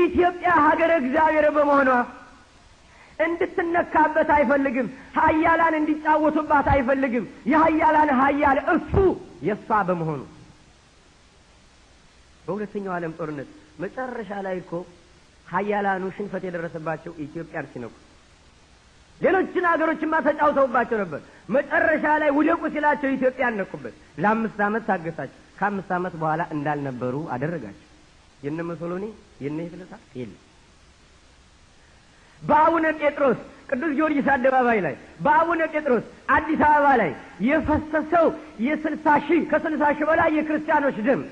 [SPEAKER 1] ኢትዮጵያ ሀገረ እግዚአብሔር በመሆኗ እንድትነካበት አይፈልግም። ሀያላን እንዲጫወቱባት አይፈልግም። የሀያላን ሀያል እሱ የእሷ በመሆኑ በሁለተኛው ዓለም ጦርነት መጨረሻ ላይ እኮ ሀያላኑ ሽንፈት የደረሰባቸው ኢትዮጵያን ሲነኩ፣ ሌሎችን ሀገሮችማ ተጫውተውባቸው ነበር። መጨረሻ ላይ ውደቁ ሲላቸው ኢትዮጵያን ነኩበት። ለአምስት ዓመት ታገሳቸው። ከአምስት ዓመት በኋላ እንዳልነበሩ አደረጋቸው። የነ የነህ ፍለታ የለም። በአቡነ ጴጥሮስ ቅዱስ ጊዮርጊስ አደባባይ ላይ በአቡነ ጴጥሮስ አዲስ አበባ ላይ የፈሰሰው የስልሳ ሺህ ከስልሳ ሺህ በላይ የክርስቲያኖች ደም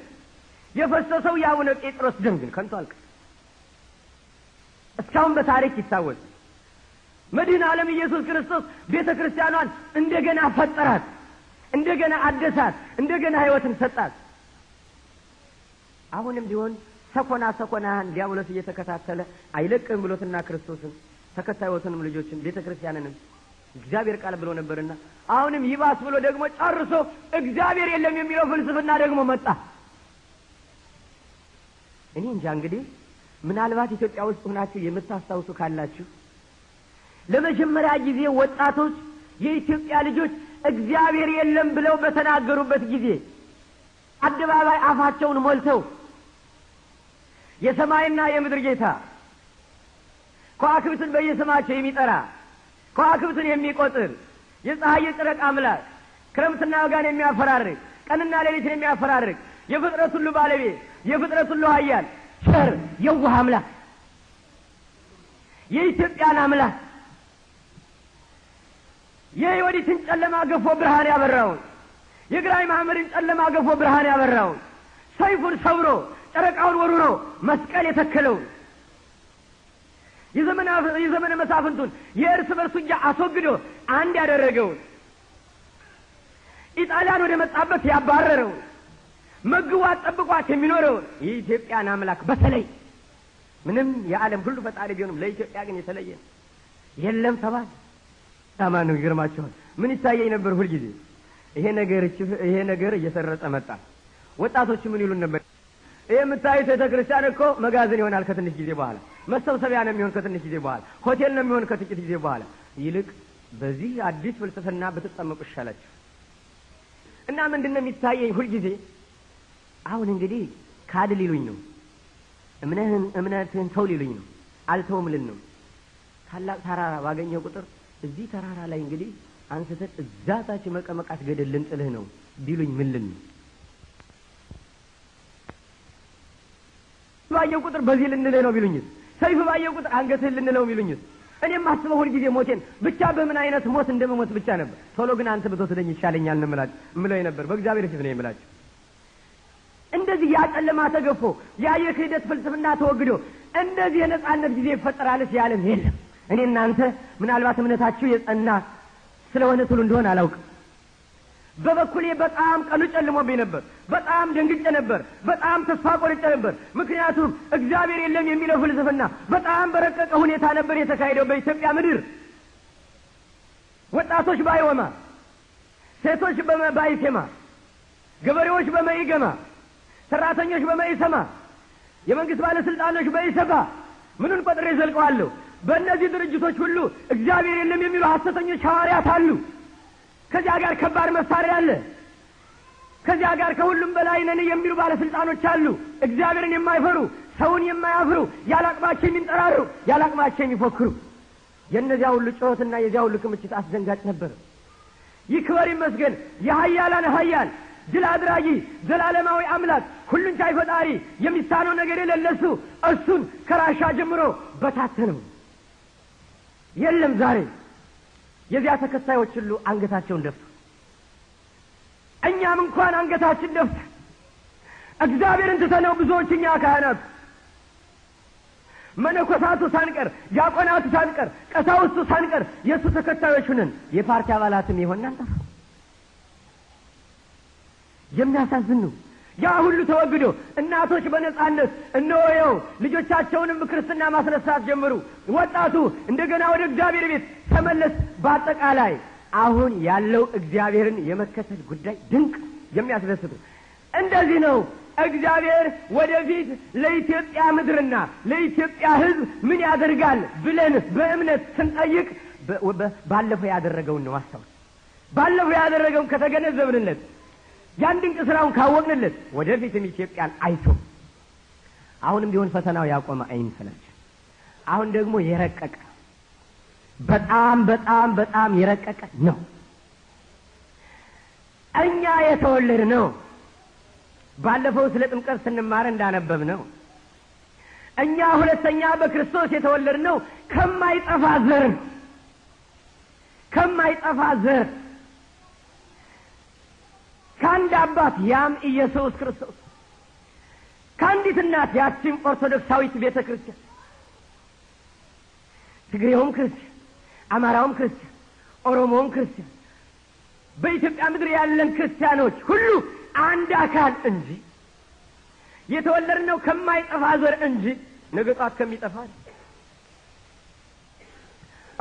[SPEAKER 1] የፈሰሰው የአቡነ ጴጥሮስ ደም ግን ከንቱ አልቅ እስካሁን በታሪክ ይታወቅ መድህን ዓለም ኢየሱስ ክርስቶስ ቤተ ክርስቲያኗን እንደገና ፈጠራት፣ እንደገና አደሳት፣ እንደገና ህይወትን ሰጣት። አሁንም ቢሆን ሰኮና ሰኮናህን ዲያብሎስ እየተከታተለ አይለቅም ብሎትና ክርስቶስን ተከታዮትንም ልጆችን ቤተ ክርስቲያንንም እግዚአብሔር ቃል ብሎ ነበርና አሁንም ይባስ ብሎ ደግሞ ጨርሶ እግዚአብሔር የለም የሚለው ፍልስፍና ደግሞ መጣ። እኔ እንጃ እንግዲህ ምናልባት ኢትዮጵያ ውስጥ ሆናችሁ የምታስታውሱ ካላችሁ ለመጀመሪያ ጊዜ ወጣቶች የኢትዮጵያ ልጆች እግዚአብሔር የለም ብለው በተናገሩበት ጊዜ አደባባይ አፋቸውን ሞልተው የሰማይና የምድር ጌታ ከዋክብትን በየስማቸው የሚጠራ ከዋክብትን የሚቆጥር የፀሐይ የጨረቃ አምላክ ክረምትና ወጋን የሚያፈራርቅ ቀንና ሌሊትን የሚያፈራርቅ የፍጥረት ሁሉ ባለቤት የፍጥረት ሁሉ ኃያል ቸር የውሃ አምላክ የኢትዮጵያን አምላክ የወዲትን ጨለማ ገፎ ብርሃን ያበራውን የግራኝ ማህመድን ጨለማ ገፎ ብርሃን ያበራውን ሰይፉን ሰብሮ ጨረቃውን ወሩ ነው መስቀል የተከለውን የዘመነ መሳፍንቱን የእርስ በርሱ እጃ አስወግዶ አንድ ያደረገውን ኢጣሊያን ወደ መጣበት ያባረረውን መግቧት ጠብቋት የሚኖረውን የኢትዮጵያን አምላክ በተለይ ምንም የዓለም ሁሉ ፈጣሪ ቢሆንም ለኢትዮጵያ ግን የተለየ የለም ተባለ። ታማ ነው ይገርማቸዋል። ምን ይታየኝ ነበር ሁልጊዜ ይሄ ነገር ይሄ ነገር እየሰረጸ መጣ። ወጣቶቹ ምን ይሉን ነበር? የምታዩት ቤተ ክርስቲያን እኮ መጋዘን ይሆናል ከትንሽ ጊዜ በኋላ። መሰብሰቢያ ነው የሚሆን ከትንሽ ጊዜ በኋላ። ሆቴል ነው የሚሆን ከጥቂት ጊዜ በኋላ። ይልቅ በዚህ አዲስ ፍልስፍና ብትጠመቁ ይሻላችሁ። እና ምንድን ነው የሚታየኝ ሁልጊዜ አሁን እንግዲህ ካድ ሊሉኝ ነው፣ እምነህን እምነትህን ተው ሊሉኝ ነው፣ አልተውም ነው። ታላቅ ተራራ ባገኘው ቁጥር እዚህ ተራራ ላይ እንግዲህ አንስተት እዛ ታች መቀመቃት ገደል ልንጥልህ ነው ቢሉኝ ምልን ነው? ባየው ቁጥር በዚህ ልንልህ ነው ቢሉኝስ? ሰይፍ ባየው ቁጥር አንገትህ ልንለው ቢሉኝስ? እኔም ማስበው ሁልጊዜ ሞቴን ብቻ በምን አይነት ሞት እንደመሞት ብቻ ነበር። ቶሎ ግን አንተ ብትወስደኝ ይሻለኛል ንምላጭ እምለው ነበር። በእግዚአብሔር ፊት ነው የምላችሁ። እንደዚህ ያ ተገፎ ያ የክህደት ፍልስፍና ተወግዶ እንደዚህ የነጻነት ጊዜ ይፈጠራልስ ያለም የለም። እኔ እናንተ ምናልባት እምነታችሁ የጸና ስለሆነ ትሉ እንደሆን አላውቅም። በበኩሌ በጣም ቀኑ ጨልሞብኝ ነበር። በጣም ደንግጬ ነበር። በጣም ተስፋ ቆርጬ ነበር። ምክንያቱም እግዚአብሔር የለም የሚለው ፍልስፍና በጣም በረቀቀ ሁኔታ ነበር የተካሄደው በኢትዮጵያ ምድር። ወጣቶች ባይወማ፣ ሴቶች ባይሴማ፣ ገበሬዎች በመይገማ ሰራተኞች በመይሰማ፣ የመንግስት ባለስልጣኖች በይሰፋ ምኑን ቆጥሬ ዘልቀዋለሁ? በእነዚህ ድርጅቶች ሁሉ እግዚአብሔር የለም የሚሉ ሐሰተኞች ሐዋርያት አሉ። ከዚያ ጋር ከባድ መሳሪያ አለ። ከዚያ ጋር ከሁሉም በላይ ነን የሚሉ ባለስልጣኖች አሉ። እግዚአብሔርን የማይፈሩ ሰውን የማያፍሩ ያላቅማቸው የሚንጠራሩ ያላቅማቸው የሚፎክሩ የእነዚያ ሁሉ ጩኸትና የዚያ ሁሉ ክምችት አስደንጋጭ ነበር። ይክበር ይመስገን የሀያላን ሀያል ድል አድራጊ ዘላለማዊ አምላክ ሁሉን ቻይ ፈጣሪ የሚሳነው ነገር የለለሱ እሱን ከራሻ ጀምሮ በታተነው የለም ዛሬ የዚያ ተከታዮች ሁሉ አንገታቸውን ደፍቱ እኛም እንኳን አንገታችን ደፍት እግዚአብሔርን ትተነው ብዙዎች እኛ ካህናቱ መነኮሳቱ ሳንቀር ዲያቆናቱ ሳንቀር ቀሳውስቱ ሳንቀር የእሱ ተከታዮች ሁነን የፓርቲ አባላትም የሆን አንጠፋ። የሚያሳዝን ነው። ያ ሁሉ ተወግዶ እናቶች በነጻነት እነወየው ልጆቻቸውንም ክርስትና ማስነሳት ጀምሩ ወጣቱ እንደገና ወደ እግዚአብሔር ቤት ተመለስ። በአጠቃላይ አሁን ያለው እግዚአብሔርን የመከተል ጉዳይ ድንቅ የሚያስደስቱ እንደዚህ ነው እግዚአብሔር ወደፊት ለኢትዮጵያ ምድርና ለኢትዮጵያ ሕዝብ ምን ያደርጋል ብለን በእምነት ስንጠይቅ ባለፈው ያደረገውን ነው አስታውስ። ባለፈው ያደረገውን ከተገነዘብንለት ያን ድንቅ ስራውን ካወቅንለት ወደፊትም ኢትዮጵያን አይቶ አሁንም ቢሆን ፈተናው ያቆመ አይምሰላችሁ። አሁን ደግሞ የረቀቀ በጣም በጣም በጣም የረቀቀ ነው። እኛ የተወለድ ነው። ባለፈው ስለ ጥምቀት ስንማር እንዳነበብ ነው። እኛ ሁለተኛ በክርስቶስ የተወለድ ነው ከማይጠፋ ዘር ከማይጠፋ ዘር ከአንድ አባት ያም ኢየሱስ ክርስቶስ ከአንዲት እናት ያችም ኦርቶዶክሳዊት ቤተ ክርስቲያን ትግሬውም ክርስቲያን አማራውም ክርስቲያን፣ ኦሮሞውም ክርስቲያን፣ በኢትዮጵያ ምድር ያለን ክርስቲያኖች ሁሉ አንድ አካል እንጂ የተወለድነው ከማይጠፋ ዘር እንጂ ነገ ጧት ከሚጠፋ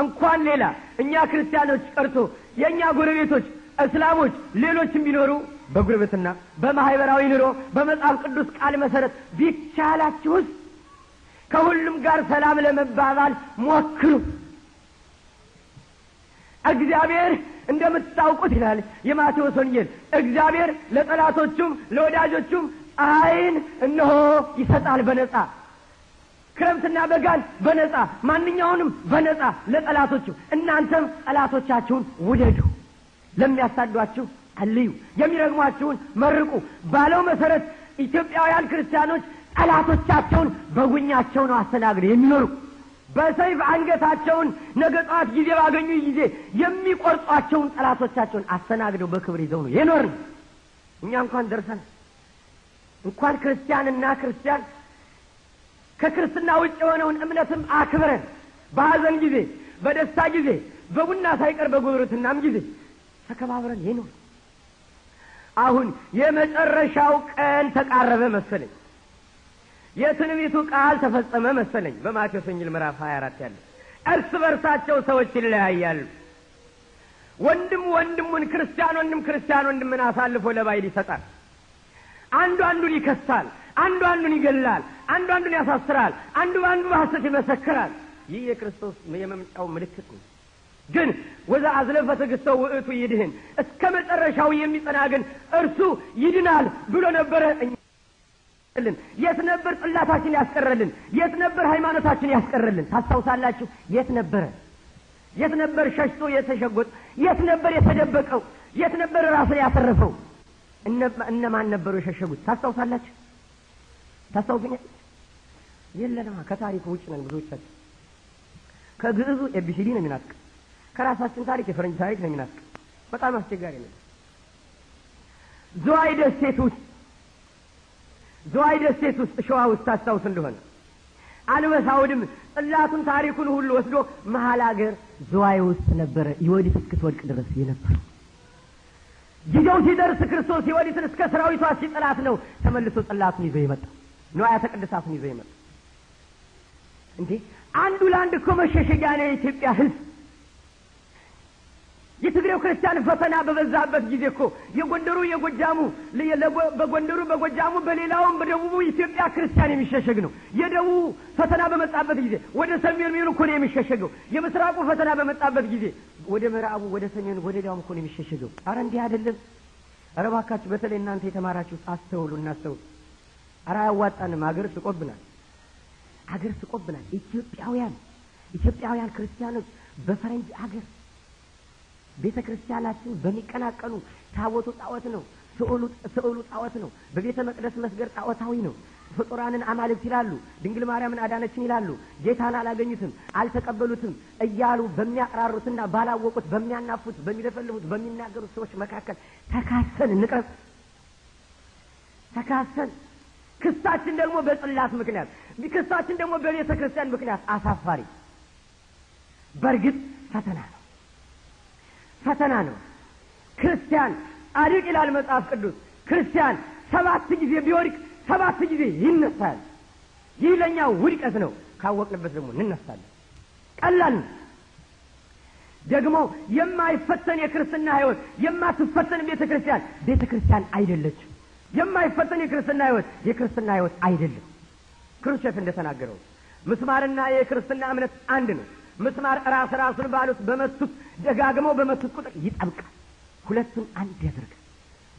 [SPEAKER 1] እንኳን ሌላ እኛ ክርስቲያኖች ቀርቶ የእኛ ጎረቤቶች እስላሞች፣ ሌሎችም ቢኖሩ በጉርብትና በማህበራዊ ኑሮ በመጽሐፍ ቅዱስ ቃል መሰረት ቢቻላችሁስ ከሁሉም ጋር ሰላም ለመባባል ሞክሩ። እግዚአብሔር እንደምታውቁት ይላል የማቴዎስ ወንጌል፣ እግዚአብሔር ለጠላቶቹም ለወዳጆቹም አይን እነሆ ይሰጣል በነጻ ክረምትና በጋን በነጻ ማንኛውንም በነጻ ለጠላቶቹ። እናንተም ጠላቶቻችሁን ውደዱ፣ ለሚያሳዷችሁ አልዩ የሚረግሟችሁን መርቁ ባለው መሰረት ኢትዮጵያውያን ክርስቲያኖች ጠላቶቻቸውን በጉኛቸው ነው አስተናግደው የሚኖሩ። በሰይፍ አንገታቸውን ነገ ጠዋት ጊዜ ባገኙ ጊዜ የሚቆርጧቸውን ጠላቶቻቸውን አስተናግደው በክብር ይዘው ነው የኖርን። እኛ እንኳን ደርሰን እንኳን ክርስቲያንና ክርስቲያን ከክርስትና ውጭ የሆነውን እምነትም አክብረን በሐዘን ጊዜ፣ በደስታ ጊዜ፣ በቡና ሳይቀር በጉርብትናም ጊዜ ተከባብረን የኖርን። አሁን የመጨረሻው ቀን ተቃረበ መሰለኝ። የትንቢቱ ቃል ተፈጸመ መሰለኝ። በማቴዎስ ወንጌል ምዕራፍ 24 ያለ እርስ በርሳቸው ሰዎች ይለያያሉ። ወንድም ወንድሙን፣ ክርስቲያን ወንድም ክርስቲያን ወንድምን አሳልፎ ለባይል ይሰጣል። አንዱ አንዱን ይከሳል። አንዱ አንዱን ይገላል። አንዱ አንዱን ያሳስራል። አንዱ በአንዱ በሐሰት ይመሰክራል። ይህ የክርስቶስ የመምጫው ምልክት ነው። ግን ወዛ አዝለፈ ትዕግሥተው ውእቱ ይድህን፣ እስከ መጨረሻው የሚጸና ግን እርሱ ይድናል ብሎ ነበረ። ያስቀረልን? የት ነበር ጽላታችን ያስቀረልን? የት ነበር ሃይማኖታችን ያስቀረልን? ታስታውሳላችሁ? የት ነበረ? የት ነበር ሸሽቶ የተሸጎጥ? የት ነበር የተደበቀው? የት ነበር ራሱን ያተረፈው? እነማን ነበሩ የሸሸጉት? ታስታውሳላችሁ? ታስታውሱኛል? የለንማ ከታሪክ ውጭ ነን። ብዙዎቻችን ከግዕዙ ኤቢሲዲ ነው የሚናፍቅ፣ ከራሳችን ታሪክ የፈረንጅ ታሪክ ነው የሚናፍቅ። በጣም አስቸጋሪ ነው። ዝዋይ ደሴት ውስጥ ዘዋይ ደሴት ውስጥ ሸዋ ውስጥ ታስታውስ እንደሆነ አንበሳው ጥላቱን ታሪኩን ሁሉ ወስዶ መሀል አገር ዘዋይ ውስጥ ነበረ የወዲት እስክትወድቅ ድረስ የነበረ ጊዜው ሲደርስ ክርስቶስ የወዲትን እስከ ሰራዊቷ ሲጥላት ነው ተመልሶ ጥላቱን ይዞ ይመጣ ንዋያተ ቅድሳቱን ይዞ ይመጣ እንዴ! አንዱ ለአንድ እኮ መሸሸጊያ ነው የኢትዮጵያ ህዝብ የትግሬው ክርስቲያን ፈተና በበዛበት ጊዜ እኮ የጎንደሩ የጎጃሙ በጎንደሩ በጎጃሙ በሌላውም በደቡቡ ኢትዮጵያ ክርስቲያን የሚሸሸግ ነው። የደቡቡ ፈተና በመጣበት ጊዜ ወደ ሰሜኑ እኮ ነው የሚሸሸገው። የምስራቁ ፈተና በመጣበት ጊዜ ወደ ምዕራቡ፣ ወደ ሰሜን፣ ወደ ሌላውም እኮ ነው የሚሸሸገው። አረ እንዲህ አይደለም። አረ እባካችሁ በተለይ እናንተ የተማራችሁት አስተውሉ፣ እናስተውሉ። አረ አያዋጣንም። አገር ስቆብናል፣ አገር ስቆብናል። ኢትዮጵያውያን ኢትዮጵያውያን ክርስቲያኖች በፈረንጅ አገር ቤተ ክርስቲያናችን በሚቀናቀኑ ታቦቱ ጣዖት ነው፣ ስዕሉ ጣዖት ነው። በቤተ መቅደስ መስገድ ጣዖታዊ ነው። ፍጡራንን አማልክት ይላሉ። ድንግል ማርያምን አዳነችን ይላሉ። ጌታን አላገኙትም፣ አልተቀበሉትም እያሉ በሚያቅራሩትና ባላወቁት፣ በሚያናፉት፣ በሚለፈልፉት፣ በሚናገሩት ሰዎች መካከል ተካሰን እንቅረብ። ተካሰን ክሳችን ደግሞ በጽላት ምክንያት ክሳችን ደግሞ በቤተ ክርስቲያን ምክንያት አሳፋሪ፣ በእርግጥ ፈተና ነው። ፈተና ነው። ክርስቲያን አድቅ ይላል መጽሐፍ ቅዱስ። ክርስቲያን ሰባት ጊዜ ቢወድቅ ሰባት ጊዜ ይነሳል። ይህ ለእኛ ውድቀት ነው። ካወቅንበት ደግሞ እንነሳለን። ቀላል ነው። ደግሞ የማይፈተን የክርስትና ሕይወት የማትፈተን ቤተ ክርስቲያን ቤተ ክርስቲያን አይደለች የማይፈተን የክርስትና ሕይወት የክርስትና ሕይወት አይደለም። ክርስቶስ እንደተናገረው ምስማርና የክርስትና እምነት አንድ ነው። ምስማር ራስ ራሱን ባሉት በመቱት ደጋግመው በመቱት ቁጥር ይጠብቃል። ሁለቱን አንድ ያደርጋል።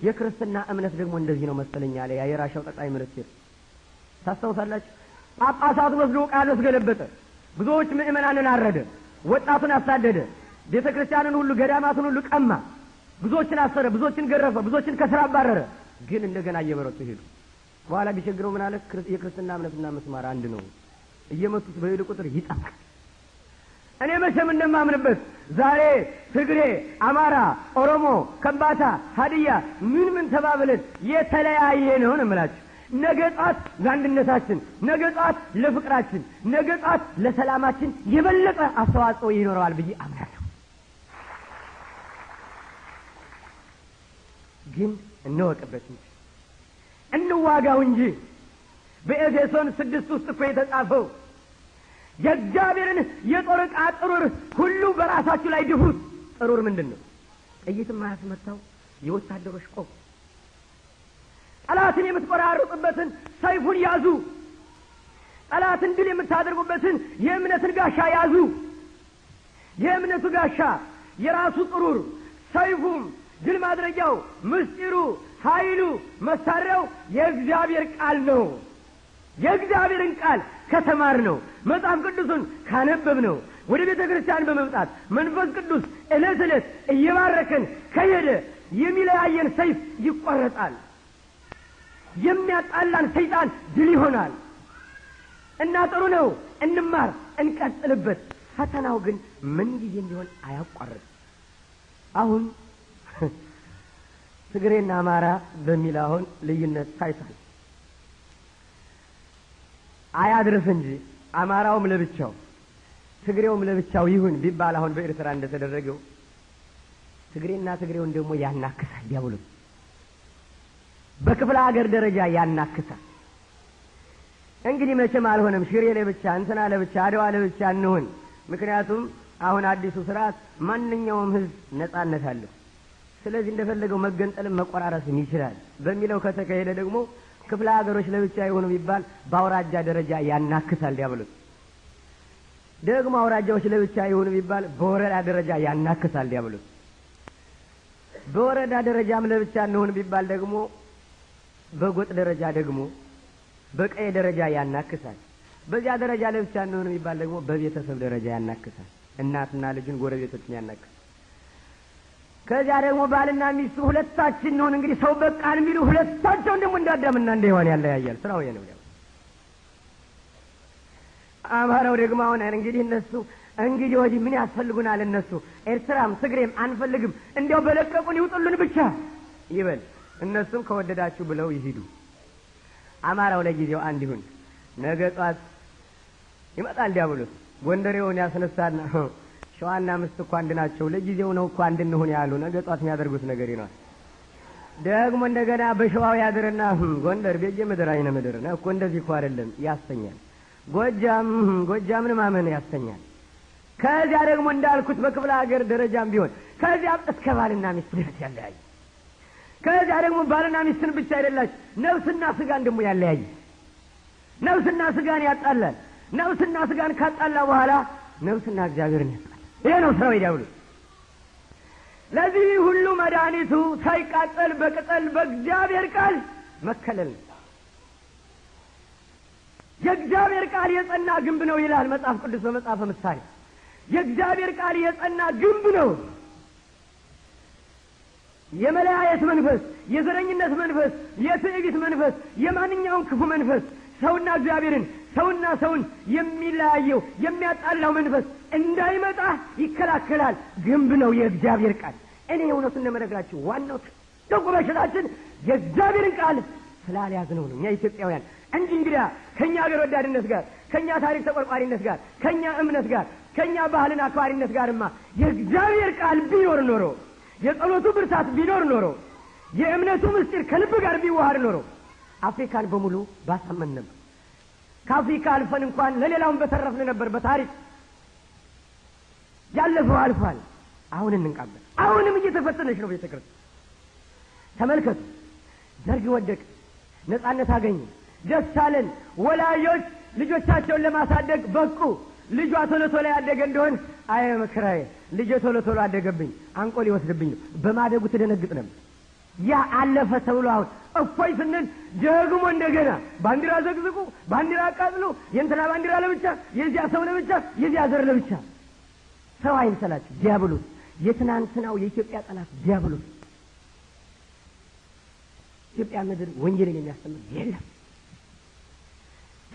[SPEAKER 1] የክርስትና እምነት ደግሞ እንደዚህ ነው መሰለኝ አለ ያ የራሻው ጠቅላይ ሚኒስትር ታስታውሳላችሁ። ጳጳሳቱ ወስዶ ቃሉስ ገለበጠ፣ ብዙዎች ምእመናንን አረደ፣ ወጣቱን አሳደደ፣ ቤተ ክርስቲያንን ሁሉ ገዳማትን ሁሉ ቀማ፣ ብዙዎችን አሰረ፣ ብዙዎችን ገረፈ፣ ብዙዎችን ከስራ አባረረ። ግን እንደገና እየበረቱ ሄዱ። በኋላ ቢቸግረው ምን አለ? የክርስትና እምነትና ምስማር አንድ ነው። እየመቱት በሄዱ ቁጥር ይጠብቃል። እኔ መቼም እንደማምንበት ዛሬ ትግሬ፣ አማራ፣ ኦሮሞ፣ ከምባታ፣ ሀዲያ ምን ምን ተባብለን የተለያየ ነው ነው የምላችሁ። ነገ ጧት ለአንድነታችን፣ ነገ ጧት ለፍቅራችን፣ ነገ ጧት ለሰላማችን የበለጠ አስተዋጽኦ ይኖረዋል ብዬ አምናለሁ። ግን እንወቅበት እንጂ እንዋጋው እንጂ በኤፌሶን ስድስት ውስጥ እኮ የተጻፈው የእግዚአብሔርን የጦር ዕቃ ጥሩር ሁሉ በራሳችሁ ላይ ድፉት። ጥሩር ምንድን ነው? ጥይትም ማያስመታው የወታደሮች ቆብ። ጠላትን የምትቆራርጡበትን ሰይፉን ያዙ። ጠላትን ድል የምታደርጉበትን የእምነትን ጋሻ ያዙ። የእምነቱ ጋሻ የራሱ ጥሩር፣ ሰይፉም ድል ማድረጊያው፣ ምስጢሩ፣ ኃይሉ፣ መሳሪያው የእግዚአብሔር ቃል ነው። የእግዚአብሔርን ቃል ከተማር ነው መጽሐፍ ቅዱሱን ካነበብ ነው ወደ ቤተ ክርስቲያን በመምጣት መንፈስ ቅዱስ እለት እለት እየባረከን ከሄደ የሚለያየን ሰይፍ ይቆረጣል። የሚያጣላን ሰይጣን ድል ይሆናል እና ጥሩ ነው። እንማር፣ እንቀጥልበት። ፈተናው ግን ምን ጊዜ እንዲሆን አያቋርጥ። አሁን ትግሬና አማራ በሚል አሁን ልዩነት ታይቷል። አያድርስ እንጂ አማራውም ለብቻው ትግሬውም ለብቻው ይሁን ቢባል አሁን በኤርትራ እንደተደረገው ትግሬና ትግሬውን ደግሞ ያናክሳል ዲያብሎስ። በክፍለ ሀገር ደረጃ ያናክሳል። እንግዲህ መቼም አልሆነም። ሽሬ ለብቻ፣ እንትና ለብቻ፣ አድዋ ለብቻ እንሆን። ምክንያቱም አሁን አዲሱ ስርዓት ማንኛውም ህዝብ ነጻነት አለው። ስለዚህ እንደፈለገው መገንጠልም መቆራረስም ይችላል በሚለው ከተካሄደ ደግሞ ክፍለ ሀገሮች ለብቻ የሆኑ ቢባል በአውራጃ ደረጃ ያናክሳል ዲያብሎስ። ደግሞ አውራጃዎች ለብቻ የሆኑ ቢባል በወረዳ ደረጃ ያናክሳል ዲያብሎስ። በወረዳ ደረጃም ለብቻ እንሆን ቢባል ደግሞ በጎጥ ደረጃ ደግሞ በቀይ ደረጃ ያናክሳል። በዚያ ደረጃ ለብቻ እንሆን ቢባል ደግሞ በቤተሰብ ደረጃ ያናክሳል። እናትና ልጅን፣ ጎረቤቶችን ያናክሳል። ከዚያ ደግሞ ባልና ሚስቱ ሁለታችን እንሆን እንግዲህ ሰው በቃን የሚሉ ሁለታቸውን ደግሞ እንዳዳምና እንደ ሔዋን ያለያያል። ስራው ነው። አማራው ደግሞ አሁን እንግዲህ እነሱ እንግዲህ ወዲህ ምን ያስፈልጉናል እነሱ ኤርትራም ትግሬም አንፈልግም፣ እንዲያው በለቀቁን ይውጡልን ብቻ ይበል። እነሱም ከወደዳችሁ ብለው ይሂዱ። አማራው ለጊዜው አንድ ይሁን። ነገ ጧት ይመጣል ዲያብሎስ ጎንደሬውን ያስነሳና ሸዋና ምስት እኮ አንድ ናቸው። ለጊዜው ነው እኮ አንድ እንሁን ያሉ፣ ነገ ጧት የሚያደርጉት ነገር ይኗል። ደግሞ እንደገና በሸዋው ያድርና ጎንደር ቤጀ ምድር አይነ ምድር ነው እኮ እንደዚህ እኮ አይደለም ያሰኛል። ጎጃም ጎጃምን ማመን ያሰኛል። ከዚያ ደግሞ እንዳልኩት በክፍለ ሀገር ደረጃም ቢሆን ከዚያም እስከ ባልና ሚስት ድረስ ያለያይ። ከዚያ ደግሞ ባልና ሚስትን ብቻ አይደላች ነፍስና ስጋን ደግሞ ያለያይ። ነፍስና ስጋን ያጣላል። ነፍስና ስጋን ካጣላ በኋላ ነፍስና እግዚአብሔርን ይሄ ነው ሰው የዲያብሎ። ለዚህ ሁሉ መድኃኒቱ ሳይቃጠል በቅጠል በእግዚአብሔር ቃል መከለል የእግዚአብሔር ቃል የጸና ግንብ ነው ይላል መጽሐፍ ቅዱስ በመጽሐፈ ምሳሌ። የእግዚአብሔር ቃል የጸና ግንብ ነው። የመለያየት መንፈስ፣ የዘረኝነት መንፈስ፣ የትዕቢት መንፈስ፣ የማንኛውም ክፉ መንፈስ ሰውና እግዚአብሔርን ሰውና ሰውን የሚለያየው የሚያጣላው መንፈስ እንዳይመጣ ይከላከላል። ግንብ ነው የእግዚአብሔር ቃል። እኔ እውነቱን ለመነግራችሁ ዋናው ትልቁ በሽታችን የእግዚአብሔርን ቃል ስላልያዝ ነው እኛ ኢትዮጵያውያን እንጂ እንግዲያ ከእኛ ሀገር ወዳድነት ጋር ከእኛ ታሪክ ተቆርቋሪነት ጋር ከእኛ እምነት ጋር ከእኛ ባህልን አክባሪነት ጋርማ የእግዚአብሔር ቃል ቢኖር ኖሮ የጸሎቱ ብርታት ቢኖር ኖሮ የእምነቱ ምስጢር ከልብ ጋር ቢዋሃድ ኖሮ አፍሪካን በሙሉ ባሳመን ነበር። ከአፍሪካ አልፈን እንኳን ለሌላውን በተረፍን ነበር። በታሪክ ያለፈው አልፏል። አሁን እንንቃበት። አሁንም እየተፈተነች ነው ቤተ ተመልከቱ። ደርግ ወደቅ፣ ነጻነት አገኘ፣ ደስ አለን። ወላጆች ልጆቻቸውን ለማሳደግ በቁ። ልጇ ቶሎ ቶሎ ያደገ እንደሆን አይ መከራዬ፣ ልጅ ቶሎ ቶሎ አደገብኝ፣ አንቆ ሊወስድብኝ ነው። በማደጉ ትደነግጥ ነበር። ያ አለፈ ተብሎ አሁን እፎይ ስንል ደግሞ እንደገና ባንዲራ ዘግዝቁ ባንዲራ አቃጥሉ፣ የእንትና ባንዲራ ለብቻ፣ የዚያ ሰው ለብቻ፣ የዚያ ዘር ለብቻ። ሰው አይምሰላችሁ፣ ዲያብሎስ የትናንትናው የኢትዮጵያ ጠላት ዲያብሎስ። ኢትዮጵያ ምድር ወንጀልን የሚያስተምር የለም።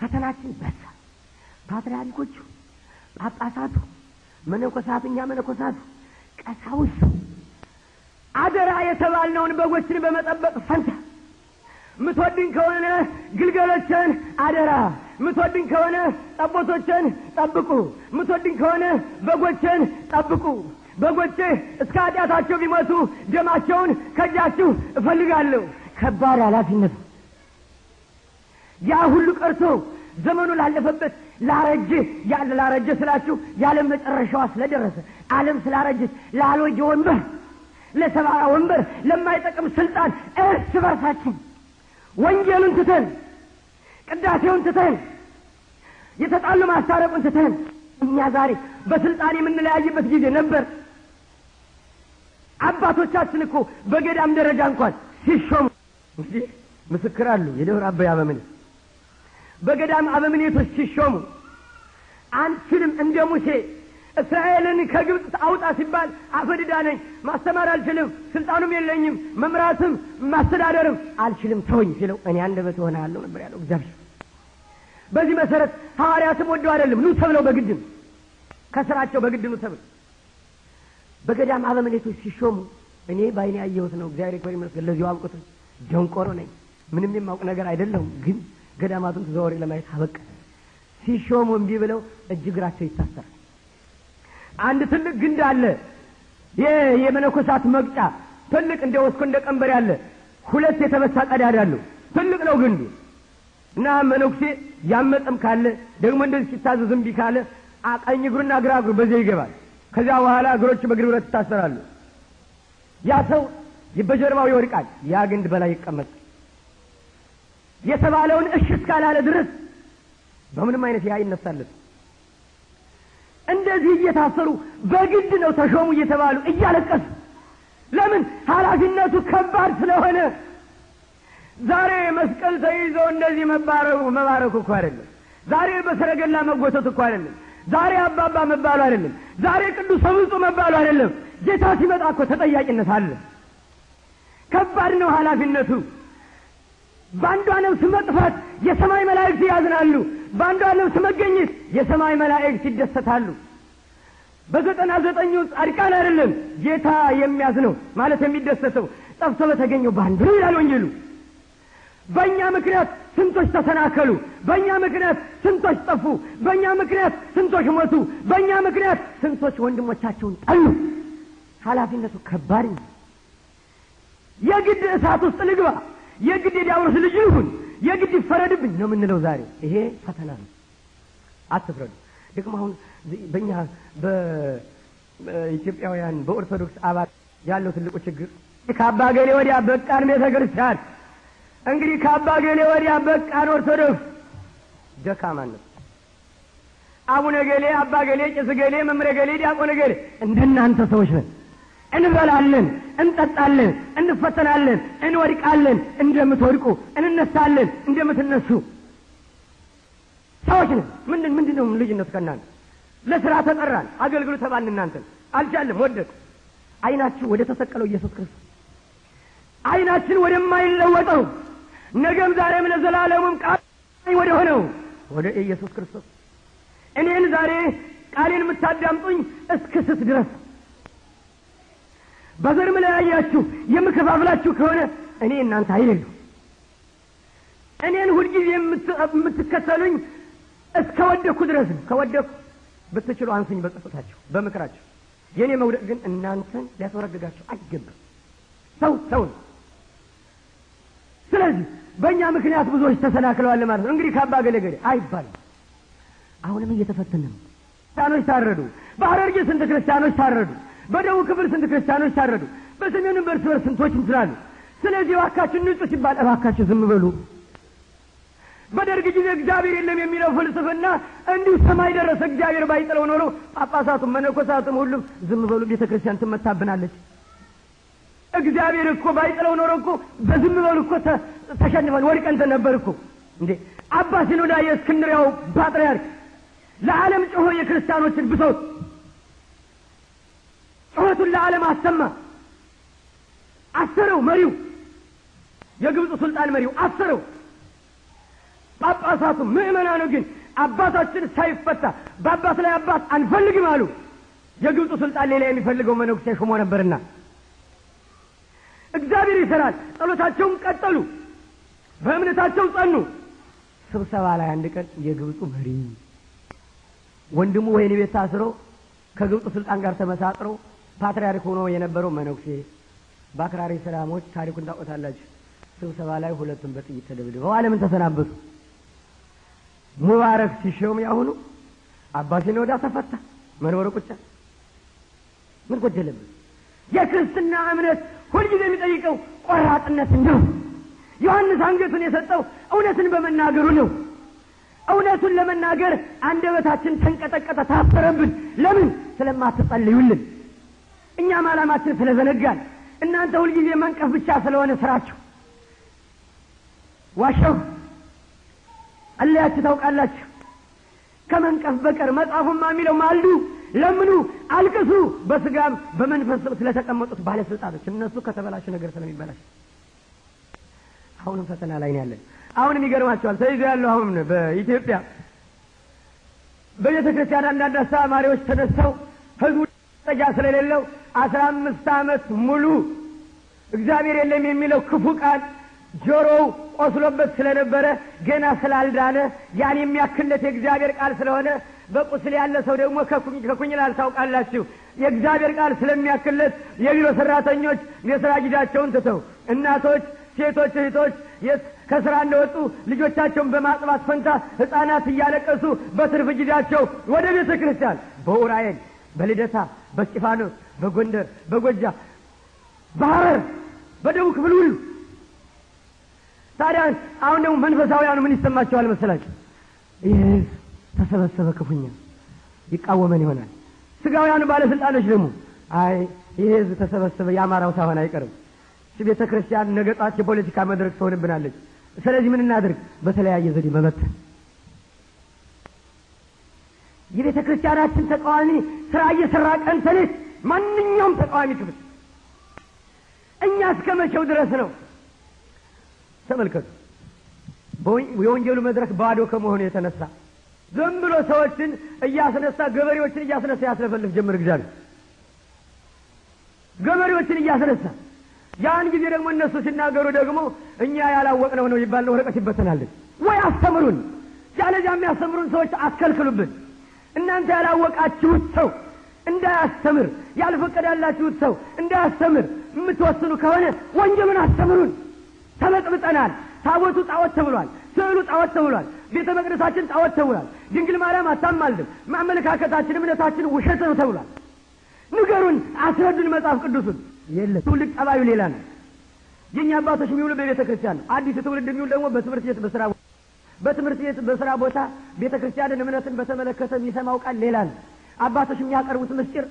[SPEAKER 1] ፈተናችን በሳ ፓትርያርኮቹ፣ ጳጳሳቱ፣ መነኮሳትኛ መነኮሳቱ፣ ቀሳውሱ አደራ የተባልነውን በጎችን በመጠበቅ ፈንታ ምትወድኝ ከሆነ ግልገሎችን አደራ፣ ምትወድኝ ከሆነ ጠቦቶችን ጠብቁ፣ ምትወድኝ ከሆነ በጎችን ጠብቁ። በጎቼ እስከ አጢአታቸው ቢመቱ ደማቸውን ከእጃችሁ እፈልጋለሁ። ከባድ ኃላፊነት ያ ሁሉ ቀርቶ ዘመኑ ላለፈበት ላረጀ ያለ ላረጀ ስላችሁ የዓለም መጨረሻዋ ስለደረሰ ዓለም ስላረጀች ላልወጀ ወንበር፣ ለሰብአ ወንበር፣ ለማይጠቅም ስልጣን እርስ በርሳችን ወንጌሉን ትተን ቅዳሴውን ትተን የተጣሉ ማስታረቁን ትተን እኛ ዛሬ በስልጣን የምንለያይበት ጊዜ ነበር። አባቶቻችን እኮ በገዳም ደረጃ እንኳን ሲሾሙ እንግዲህ ምስክር አሉ። የደብረ አበይ አበምኔ በገዳም አበምኔቶች ሲሾሙ አንችልም እንደ ሙሴ እስራኤልን ከግብፅ አውጣ ሲባል አፈድዳ ነኝ፣ ማስተማር አልችልም፣ ስልጣኑም የለኝም፣ መምራትም ማስተዳደርም አልችልም፣ ተወኝ ሲለው እኔ አንድ አንደበት እሆናለሁ ነበር ያለው እግዚአብሔር። በዚህ መሰረት ሐዋርያትም ወደው አይደለም ኑ ተብለው በግድም ከስራቸው በግድ ኑ ተብለው በገዳም አበምኔቶች ሲሾሙ እኔ በአይኔ ያየሁት ነው። እግዚአብሔር ይክበር ይመስገን። ለዚሁ አብቁት። ደንቆሮ ነኝ፣ ምንም የማውቅ ነገር አይደለሁም። ግን ገዳማቱን ተዘዋውሬ ለማየት አበቃ። ሲሾሙ እምቢ ብለው እጅግራቸው ይታሰራል። አንድ ትልቅ ግንድ አለ። የመነኮሳት መቅጫ ትልቅ እንደ ወስኮ እንደ ቀንበር ያለ ሁለት የተበሳ ቀዳዳ አለው። ትልቅ ነው ግንዱ እና መነኩሴ ያመጠም ካለ ደግሞ እንደዚህ ሲታዘዝ እምቢ ካለ ቀኝ እግሩና ግራ እግሩ በዚያ ይገባል። ከዚያ በኋላ እግሮች በእግር ይታሰራሉ። ያ ሰው በጀርባው ይወድቃል። ያ ግንድ በላይ ይቀመጥ የተባለውን እሽ እስካላለ ድረስ በምንም አይነት ያ ይነሳለት እነዚህ እየታሰሩ በግድ ነው ተሾሙ እየተባሉ እያለቀሱ ለምን ኃላፊነቱ ከባድ ስለሆነ ዛሬ መስቀል ተይዞ እንደዚህ መባረቡ መባረኩ እኮ አይደለም። ዛሬ በሰረገላ መጎተት እኮ አይደለም። ዛሬ አባባ መባሉ አይደለም። ዛሬ ቅዱስ ሰብፁ መባሉ አይደለም። ጌታ ሲመጣ እኮ ተጠያቂነት አለ። ከባድ ነው ኃላፊነቱ። በአንዷ ነብስ መጥፋት የሰማይ መላእክት ያዝናሉ። በአንዷ ነብስ መገኘት የሰማይ መላእክት ይደሰታሉ። በዘጠና ዘጠኙ ጻድቃን አይደለም ጌታ ነው ማለት የሚደሰተው ጠፍቶ በተገኘው በአንዱ ይላል ወንጌሉ። በእኛ ምክንያት ስንቶች ተሰናከሉ፣ በእኛ ምክንያት ስንቶች ጠፉ፣ በእኛ ምክንያት ስንቶች ሞቱ፣ በእኛ ምክንያት ስንቶች ወንድሞቻቸውን ጠሉ። ኃላፊነቱ ከባድ ነው። የግድ እሳት ውስጥ ልግባ፣ የግድ የዲያብሎስ ልጅ ይሁን፣ የግድ ይፈረድብኝ ነው የምንለው ዛሬ። ይሄ ፈተና ነው። አትፍረዱ። ደግሞ አሁን በእኛ በኢትዮጵያውያን በኦርቶዶክስ አባል ያለው ትልቁ ችግር ከአባ ገሌ ወዲያ በቃን ቤተ ክርስቲያን። እንግዲህ ከአባ ገሌ ወዲያ በቃን ኦርቶዶክስ ደካማ ነው አቡነ ገሌ፣ አባ ገሌ፣ ጭስ ገሌ፣ መምረ ገሌ፣ ዲያቆነ ገሌ እንደናንተ ሰዎች ነን። እንበላለን፣ እንጠጣለን፣ እንፈተናለን፣ እንወድቃለን፣ እንደምትወድቁ እንነሳለን፣ እንደምትነሱ ሰዎች ነን። ምንድን ምንድን ነው ልጅነት ከእናንተ? ለስራ ተጠራን፣ አገልግሉ ተባልን። እናንተ አልቻለም፣ ወደቅ። አይናችሁ ወደ ተሰቀለው ኢየሱስ ክርስቶስ አይናችን ወደማይለወጠው ነገም ዛሬም ለዘላለሙም ቃል ወደ ሆነው ወደ ኢየሱስ ክርስቶስ እኔን ዛሬ ቃሌን የምታዳምጡኝ እስክስት ድረስ በዘር መለያያችሁ የምከፋፍላችሁ ከሆነ እኔ እናንተ አይደለሁ። እኔን ሁልጊዜ የምትከተሉኝ እስከ ወደኩ ድረስ ከወደኩ ብትችሉ አንስኝ በጸጥታችሁ በምክራችሁ። የእኔ መውደቅ ግን እናንተን ሊያስወረግጋችሁ አይገባም። ሰው ሰው ስለዚህ በእኛ ምክንያት ብዙዎች ተሰናክለዋል ማለት ነው። እንግዲህ ከአባ ገለገሌ አይባል አይባልም። አሁንም እየተፈተነ ክርስቲያኖች ታረዱ። በሐረርጌ ስንት ክርስቲያኖች ታረዱ። በደቡብ ክፍል ስንት ክርስቲያኖች ታረዱ። በሰሜኑ በርስ በርስ ስንቶች እንትላሉ። ስለዚህ እባካችሁ ንጹ ሲባል እባካችሁ ዝም በሉ። በደርግ ጊዜ እግዚአብሔር የለም የሚለው ፍልስፍና እንዲሁ ሰማይ ደረሰ። እግዚአብሔር ባይጥለው ኖሮ ጳጳሳቱም መነኮሳቱም ሁሉም ዝም በሉ፣ ቤተ ክርስቲያን ትመታብናለች። እግዚአብሔር እኮ ባይጥለው ኖሮ እኮ በዝም በሉ እኮ ተሸንፈን ወድቀን ተነበር እኮ እንዴ። አባ ሲኖዳ የእስክንድርያው ፓትርያርክ ለዓለም ጮሆ የክርስቲያኖችን ብሶት ጩኸቱን ለዓለም አሰማ። አሰረው መሪው የግብፅ ሱልጣን መሪው አሰረው። ጳጳሳቱ ምእመናኑ ግን አባታችን ሳይፈታ በአባት ላይ አባት አንፈልግም አሉ። የግብፁ ስልጣን ሌላ የሚፈልገው መነኩሴ ሾሞ ነበርና እግዚአብሔር ይሰራል። ጸሎታቸውም ቀጠሉ፣ በእምነታቸው ጸኑ። ስብሰባ ላይ አንድ ቀን የግብፁ መሪ ወንድሙ ወይን ቤት ታስሮ ከግብፁ ስልጣን ጋር ተመሳጥሮ ፓትርያርክ ሆኖ የነበረው መነኩሴ በአክራሪ ሰላሞች ታሪኩን ታውቁታላችሁ። ስብሰባ ላይ ሁለቱን በጥይት ተደብድበው አለምን ተሰናበቱ። ሙባረክ ሲሾም ያሁኑ አባሲን ወዳ ተፈታ መንበረ ቁጫ ምን ጎደለበት? የክርስትና እምነት ሁልጊዜ የሚጠይቀው ቆራጥነት ነው። ዮሐንስ አንገቱን የሰጠው እውነትን በመናገሩ ነው። እውነቱን ለመናገር አንደበታችን ተንቀጠቀጠ፣ ታፈረብን። ለምን? ስለማትጸልዩልን፣ እኛም አላማችን ስለዘነጋል? እናንተ ሁልጊዜ መንቀፍ ብቻ ስለሆነ ስራችሁ ዋሸው አለያችሁ ታውቃላችሁ። ከመንቀፍ በቀር መጽሐፉማ የሚለው ማልዱ፣ ለምኑ፣ አልቅሱ በስጋም በመንፈስ ስለተቀመጡት ባለስልጣኖች እነሱ ከተበላሸ ነገር ስለሚበላሽ አሁንም ፈተና ላይ ያለን። አሁንም ይገርማቸዋል ተይዞ ያለው አሁን በኢትዮጵያ በቤተ ክርስቲያን አንዳንድ አስተማሪዎች ተነስተው ህዝቡ ጠጃ ስለሌለው አስራ አምስት አመት ሙሉ እግዚአብሔር የለም የሚለው ክፉ ቃል ጆሮው ቆስሎበት ስለነበረ ገና ስላልዳነ ያን የሚያክልለት የእግዚአብሔር ቃል ስለሆነ በቁስል ያለ ሰው ደግሞ ከኩኝላል ታውቃላችሁ። የእግዚአብሔር ቃል ስለሚያክልለት የቢሮ ሰራተኞች የስራ ጊዜያቸውን ትተው እናቶች፣ ሴቶች፣ እህቶች ከስራ እንደወጡ ልጆቻቸውን በማጥባት ፈንታ ህፃናት እያለቀሱ በትርፍ ጊዜያቸው ወደ ቤተ ክርስቲያን በኡራኤል፣ በልደታ፣ በስጢፋኖስ፣ በጎንደር፣ በጎጃ፣ ባህረር በደቡብ ክፍል ሁሉ ታዲያ አሁን ደግሞ መንፈሳዊያኑ ምን ይሰማቸዋል መሰላችሁ? ይህ ተሰበሰበ ክፉኛ ይቃወመን ይሆናል። ስጋውያኑ ባለስልጣኖች ደግሞ አይ ይህ ህዝብ ተሰበሰበ የአማራው ሳሆን አይቀርም። እሺ ቤተ ክርስቲያን ነገጧት የፖለቲካ መድረክ ትሆንብናለች። ስለዚህ ምን እናድርግ? በተለያየ ዘዴ መበተን። የቤተ ክርስቲያናችን ተቃዋሚ ስራ እየሰራ ቀን ተሌት ማንኛውም ተቃዋሚ ክፍል እኛ እስከ መቼው ድረስ ነው ተመልከቱ። የወንጀሉ መድረክ ባዶ ከመሆኑ የተነሳ ዝም ብሎ ሰዎችን እያስነሳ ገበሬዎችን እያስነሳ ያስለፈልፍ ጀምር እግዚአብሔር ገበሬዎችን እያስነሳ ያን ጊዜ ደግሞ እነሱ ሲናገሩ ደግሞ እኛ ያላወቅነው ነው ይባል ወረቀት ይበተናለን ወይ አስተምሩን። ያለዚያ የሚያስተምሩን ሰዎች አትከልክሉብን። እናንተ ያላወቃችሁት ሰው እንዳያስተምር፣ ያልፈቀዳላችሁት ሰው እንዳያስተምር የምትወስኑ ከሆነ ወንጀሉን አስተምሩን። ተበጥብጠናል። ታቦቱ ጣዖት ተብሏል። ስዕሉ ጣዖት ተብሏል። ቤተ መቅደሳችን ጣዖት ተብሏል። ድንግል ማርያም አታማልድም፣ ማመለካከታችን፣ እምነታችን ውሸት ነው ተብሏል። ንገሩን፣ አስረዱን መጽሐፍ ቅዱሱን። የለ ትውልድ ጠባዩ ሌላ ነው። የእኛ አባቶች የሚውሉ በቤተ ክርስቲያን ነው። አዲሱ ትውልድ የሚውል ደግሞ በትምህርት ቤት፣ በስራ በትምህርት ቤት፣ በስራ ቦታ ቤተ ክርስቲያንን እምነትን በተመለከተ የሚሰማው ቃል ሌላ ነው። አባቶች የሚያቀርቡት ምስጢር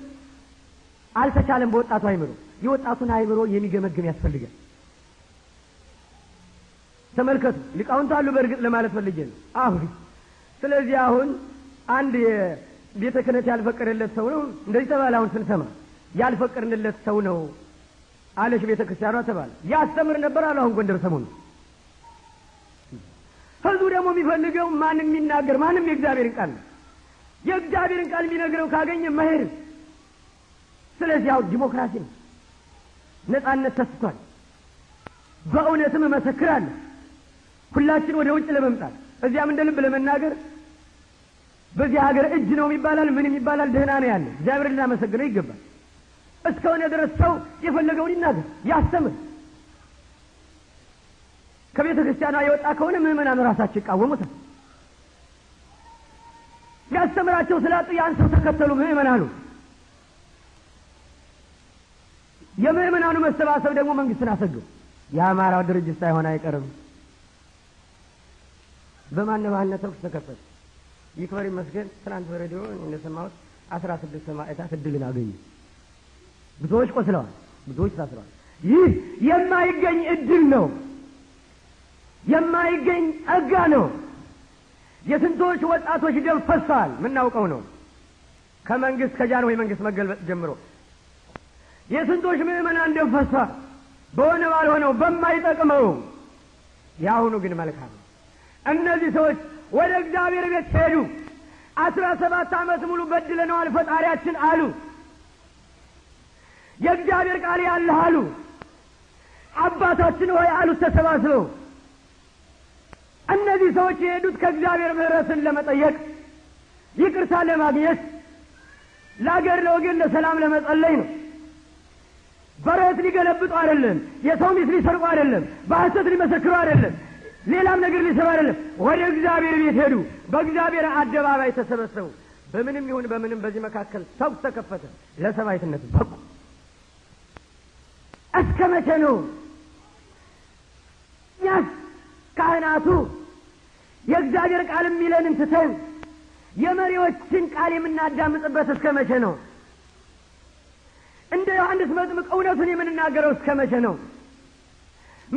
[SPEAKER 1] አልተቻለም። በወጣቱ አይምሮ የወጣቱን አይምሮ የሚገመግም ያስፈልጋል። ተመልከቱ ሊቃውንት አሉ። በእርግጥ ለማለት ፈልጌ ነው። አሁን ስለዚህ አሁን አንድ የቤተ ክህነት ያልፈቀደለት ሰው ነው እንደዚህ ተባለ። አሁን ስንሰማ ያልፈቀድንለት ሰው ነው አለች ቤተ ክርስቲያኗ ተባለ። ያስተምር ነበር አሉ። አሁን ጎንደር ሰሞኑ ህዝቡ ደግሞ የሚፈልገው ማንም የሚናገር ማንም የእግዚአብሔርን ቃል ነው። የእግዚአብሔርን ቃል የሚነግረው ካገኘ መሄድ። ስለዚህ አሁን ዲሞክራሲ ነው፣ ነጻነት ተስቷል። በእውነትም እመሰክራለሁ ሁላችን ወደ ውጭ ለመምጣት እዚያም እንደ ልብ ለመናገር በዚህ ሀገር እጅ ነው የሚባላል ምንም ይባላል፣ ደህና ነው ያለ እግዚአብሔር ልናመሰግነው ይገባል። እስከሆነ ድረስ ሰው የፈለገውን ይናገር፣ ያስተምር። ከቤተ ክርስቲያኗ የወጣ ከሆነ ምዕመናን ራሳቸው ይቃወሙታል። ያስተምራቸው ስላጡ ያን ሰው ተከተሉ ምዕመናኑ። የምእመናኑ መሰባሰብ ደግሞ መንግስትን አሰገው። የአማራው ድርጅት ሳይሆን አይቀርም። በማነባህነት ተኩስ ተከፈተ። ይክበር ይመስገን ትናንት በሬዲዮ እንደሰማሁት አስራ ስድስት ሰማዕታት እድልን አገኙ። ብዙዎች ቆስለዋል፣ ብዙዎች ታስረዋል። ይህ የማይገኝ እድል ነው፣ የማይገኝ ጸጋ ነው። የስንቶች ወጣቶች ደም ፈሷል፣ የምናውቀው ነው። ከመንግስት ወይ መንግስት መገልበጥ ጀምሮ የስንቶች ምዕመናን ደም ፈሷል፣ በሆነ ባልሆነው በማይጠቅመው። የአሁኑ ግን መልካም ነው። እነዚህ ሰዎች ወደ እግዚአብሔር ቤት ሄዱ። አስራ ሰባት ዓመት ሙሉ በድለነዋል ፈጣሪያችን አሉ። የእግዚአብሔር ቃል ያለህ አሉ። አባታችን ሆይ አሉት ተሰባስበው። እነዚህ ሰዎች የሄዱት ከእግዚአብሔር ምህረትን ለመጠየቅ ይቅርታ ለማግኘት ለአገር ለወገን ለሰላም ለመጸለይ ነው። በረት ሊገለብጡ አይደለም። የሰው ሚስ ሊሰርቁ አይደለም። በሐሰት ሊመሰክሩ አይደለም። ሌላም ነገር ሊሰብ አይደለም። ወደ እግዚአብሔር ቤት ሄዱ፣ በእግዚአብሔር አደባባይ ተሰበሰቡ። በምንም ይሁን በምንም በዚህ መካከል ሰው ተከፈተ፣ ለሰማዕትነት በቁ። እስከ መቼ ነው ያስ ካህናቱ የእግዚአብሔር ቃል የሚለን ትተን የመሪዎችን ቃል የምናዳምጥበት እስከ መቼ ነው? እንደ ዮሐንስ መጥምቅ እውነቱን የምንናገረው እስከ መቼ ነው?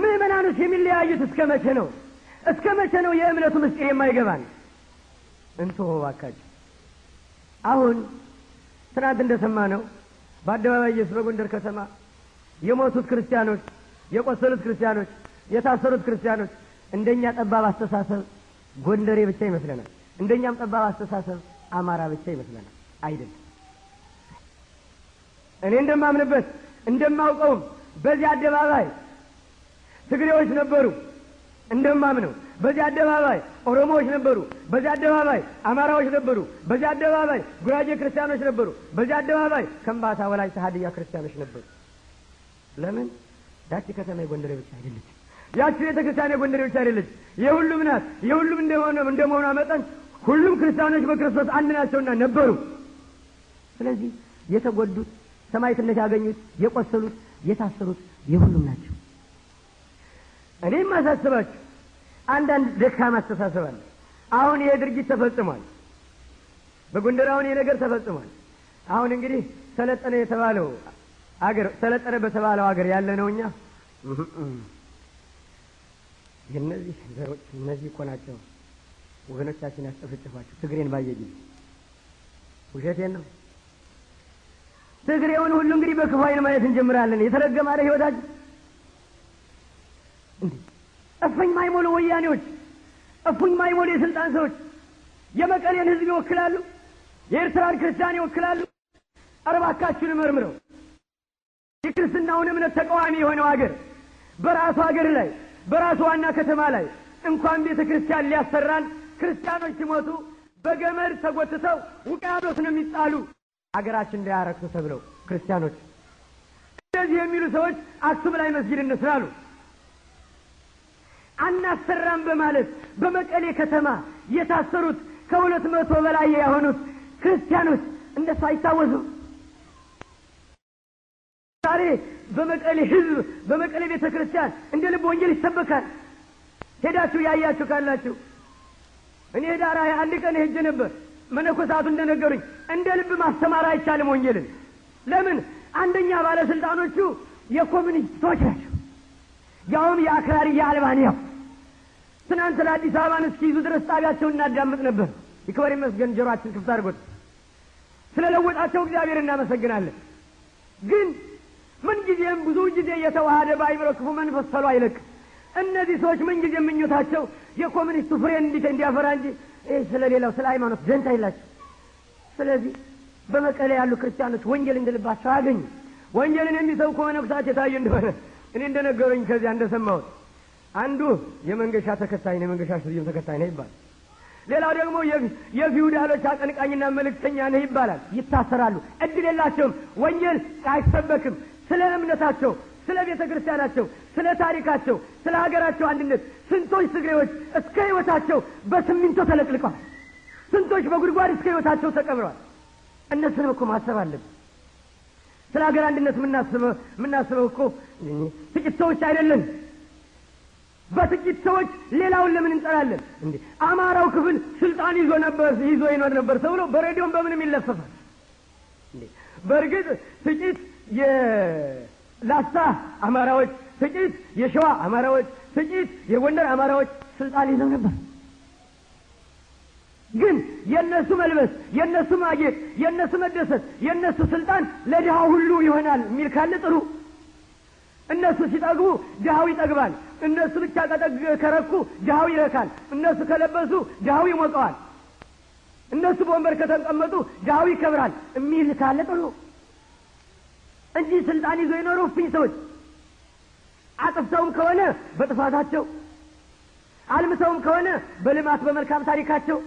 [SPEAKER 1] ምእመናኖች የሚለያዩት እስከ መቼ ነው? እስከ መቼ ነው የእምነቱ ምስጢር የማይገባን? እንቶ እባካችሁ አሁን ትናንት እንደሰማ ነው በአደባባይ ኢየሱስ በጎንደር ከተማ የሞቱት ክርስቲያኖች፣ የቆሰሉት ክርስቲያኖች፣ የታሰሩት ክርስቲያኖች እንደኛ ጠባብ አስተሳሰብ ጎንደሬ ብቻ ይመስለናል። እንደኛም ጠባብ አስተሳሰብ አማራ ብቻ ይመስለናል። አይደለም። እኔ እንደማምንበት እንደማውቀውም በዚህ አደባባይ ትግሬዎች ነበሩ እንደማምነው። በዚህ አደባባይ ኦሮሞዎች ነበሩ። በዚህ አደባባይ አማራዎች ነበሩ። በዚህ አደባባይ ጉራጌ ክርስቲያኖች ነበሩ። በዚህ አደባባይ ከምባታ፣ ወላጅ ተሀድያ ክርስቲያኖች ነበሩ። ለምን ዳቺ ከተማ የጎንደሬ ብቻ አይደለች። ያቺ ቤተ ክርስቲያን የጎንደሬ ብቻ አይደለች፣ የሁሉም ናት። የሁሉም እንደሆነ እንደመሆኗ መጠን ሁሉም ክርስቲያኖች በክርስቶስ አንድ ናቸውና ነበሩ። ስለዚህ የተጎዱት ሰማይትነት ያገኙት፣ የቆሰሉት፣ የታሰሩት የሁሉም ናቸው። እኔ አሳስባችሁ አንዳንድ ደካ አስተሳሰብ አለ። አሁን ይሄ ድርጊት ተፈጽሟል። በጎንደር አሁን ይሄ ነገር ተፈጽሟል። አሁን እንግዲህ ሰለጠነ የተባለው አገር ሰለጠነ በተባለው አገር ያለ ነው። እኛ የእነዚህ ዘሮች እነዚህ እኮ ናቸው ወገኖቻችን ያስጨፈጨፏቸው ትግሬን ባየ ጊዜ ውሸቴን ነው። ትግሬውን ሁሉ እንግዲህ በክፋይን ማየት እንጀምራለን። የተረገማለ ህይወታችን እፍኝ ማይሞሉ ወያኔዎች፣ እፍኝ ማይሞሉ የስልጣን ሰዎች የመቀሌን ህዝብ ይወክላሉ፣ የኤርትራን ክርስቲያን ይወክላሉ። እባካችሁን መርምረው። የክርስትናውን እምነት ተቃዋሚ የሆነው ሀገር በራሱ ሀገር ላይ በራሱ ዋና ከተማ ላይ እንኳን ቤተ ክርስቲያን ሊያሰራን ክርስቲያኖች ሲሞቱ በገመድ ተጎትተው ውቅያኖስ ነው የሚጣሉ አገራችን እንዳያረክሱ ተብለው ክርስቲያኖች እንደዚህ የሚሉ ሰዎች አክሱም ላይ መስጊድ እንስራሉ። አናሰራም በማለት በመቀሌ ከተማ የታሰሩት ከሁለት መቶ በላይ የሆኑት ክርስቲያኖች እንደሱ አይታወሱም። ዛሬ በመቀሌ ህዝብ በመቀሌ ቤተ ክርስቲያን እንደ ልብ ወንጌል ይሰበካል። ሄዳችሁ ያያችሁ ካላችሁ እኔ ዳራ አንድ ቀን ሄጄ ነበር። መነኮሳቱ እንደነገሩኝ እንደ ልብ ማስተማር አይቻልም ወንጌልን። ለምን? አንደኛ ባለስልጣኖቹ የኮሚኒስቶች ናቸው፣ ያውም የአክራሪ የአልባንያው ትናንት ለአዲስ አበባን ይዙ ድረስ ጣቢያቸውን እናዳምጥ ነበር። ይክበር ይመስገን ጀሯችን ክፍት አድርጎት ስለ ለወጣቸው እግዚአብሔር እናመሰግናለን። ግን ምንጊዜም ብዙ ጊዜ የተዋሃደ ባይብሎ ክፉ መንፈስ ተሎ አይለቅም። እነዚህ ሰዎች ምንጊዜ ምኞታቸው የኮሚኒስቱ ፍሬ እንዲያፈራ እንጂ ስለ ሌላው ስለ ሃይማኖት ደንታ አይላቸው ስለዚህ በመቀሌ ያሉ ክርስቲያኖች ወንጀል እንድልባቸው ወንጀልን የሚሰው ከሆነ ኩሳት የታዩ እንደሆነ እኔ እንደነገሩኝ ከዚያ እንደሰማሁት አንዱ የመንገሻ ተከታይ ነው፣ የመንገሻ ስዩም ተከታይ ነው ይባላል። ሌላው ደግሞ የፊውዳሎች አቀንቃኝና መልእክተኛ ነህ ይባላል። ይታሰራሉ። እድል የላቸውም። ወንጀል አይሰበክም። ስለ እምነታቸው፣ ስለ ቤተ ክርስቲያናቸው፣ ስለ ታሪካቸው፣ ስለ ሀገራቸው አንድነት ስንቶች ትግሬዎች እስከ ህይወታቸው በስሚንቶ ተለቅልቀዋል። ስንቶች በጉድጓድ እስከ ህይወታቸው ተቀብረዋል። እነሱን እኮ ማሰብ አለብን። ስለ ሀገር አንድነት የምናስበው እኮ ጥቂት ሰዎች አይደለን። በጥቂት ሰዎች ሌላውን ለምን እንጠላለን እንዴ? አማራው ክፍል ስልጣን ይዞ ነበር ይዞ ይኖር ነበር ተብሎ በሬዲዮን በምንም እንዴ በእርግጥ ጥቂት የላስታ አማራዎች፣ ጥቂት የሸዋ አማራዎች፣ ጥቂት የጎንደር አማራዎች ስልጣን ይዘው ነበር። ግን የእነሱ መልበስ፣ የእነሱ ማጌጥ፣ የእነሱ መደሰት፣ የእነሱ ስልጣን ለድሃ ሁሉ ይሆናል የሚል ካለ ጥሩ እነሱ ሲጠግቡ ጃሃው ይጠግባል። እነሱ ብቻ ከረኩ ጃሃው ይረካል። እነሱ ከለበሱ ጃሃው ይሞቀዋል። እነሱ በወንበር ከተቀመጡ ጃሃው ይከብራል የሚል ካለ ጥሩ እንጂ ስልጣን ይዞ የኖሩ ፍኝ ሰዎች አጥፍተውም ከሆነ በጥፋታቸው አልምሰውም ከሆነ በልማት በመልካም ታሪካቸው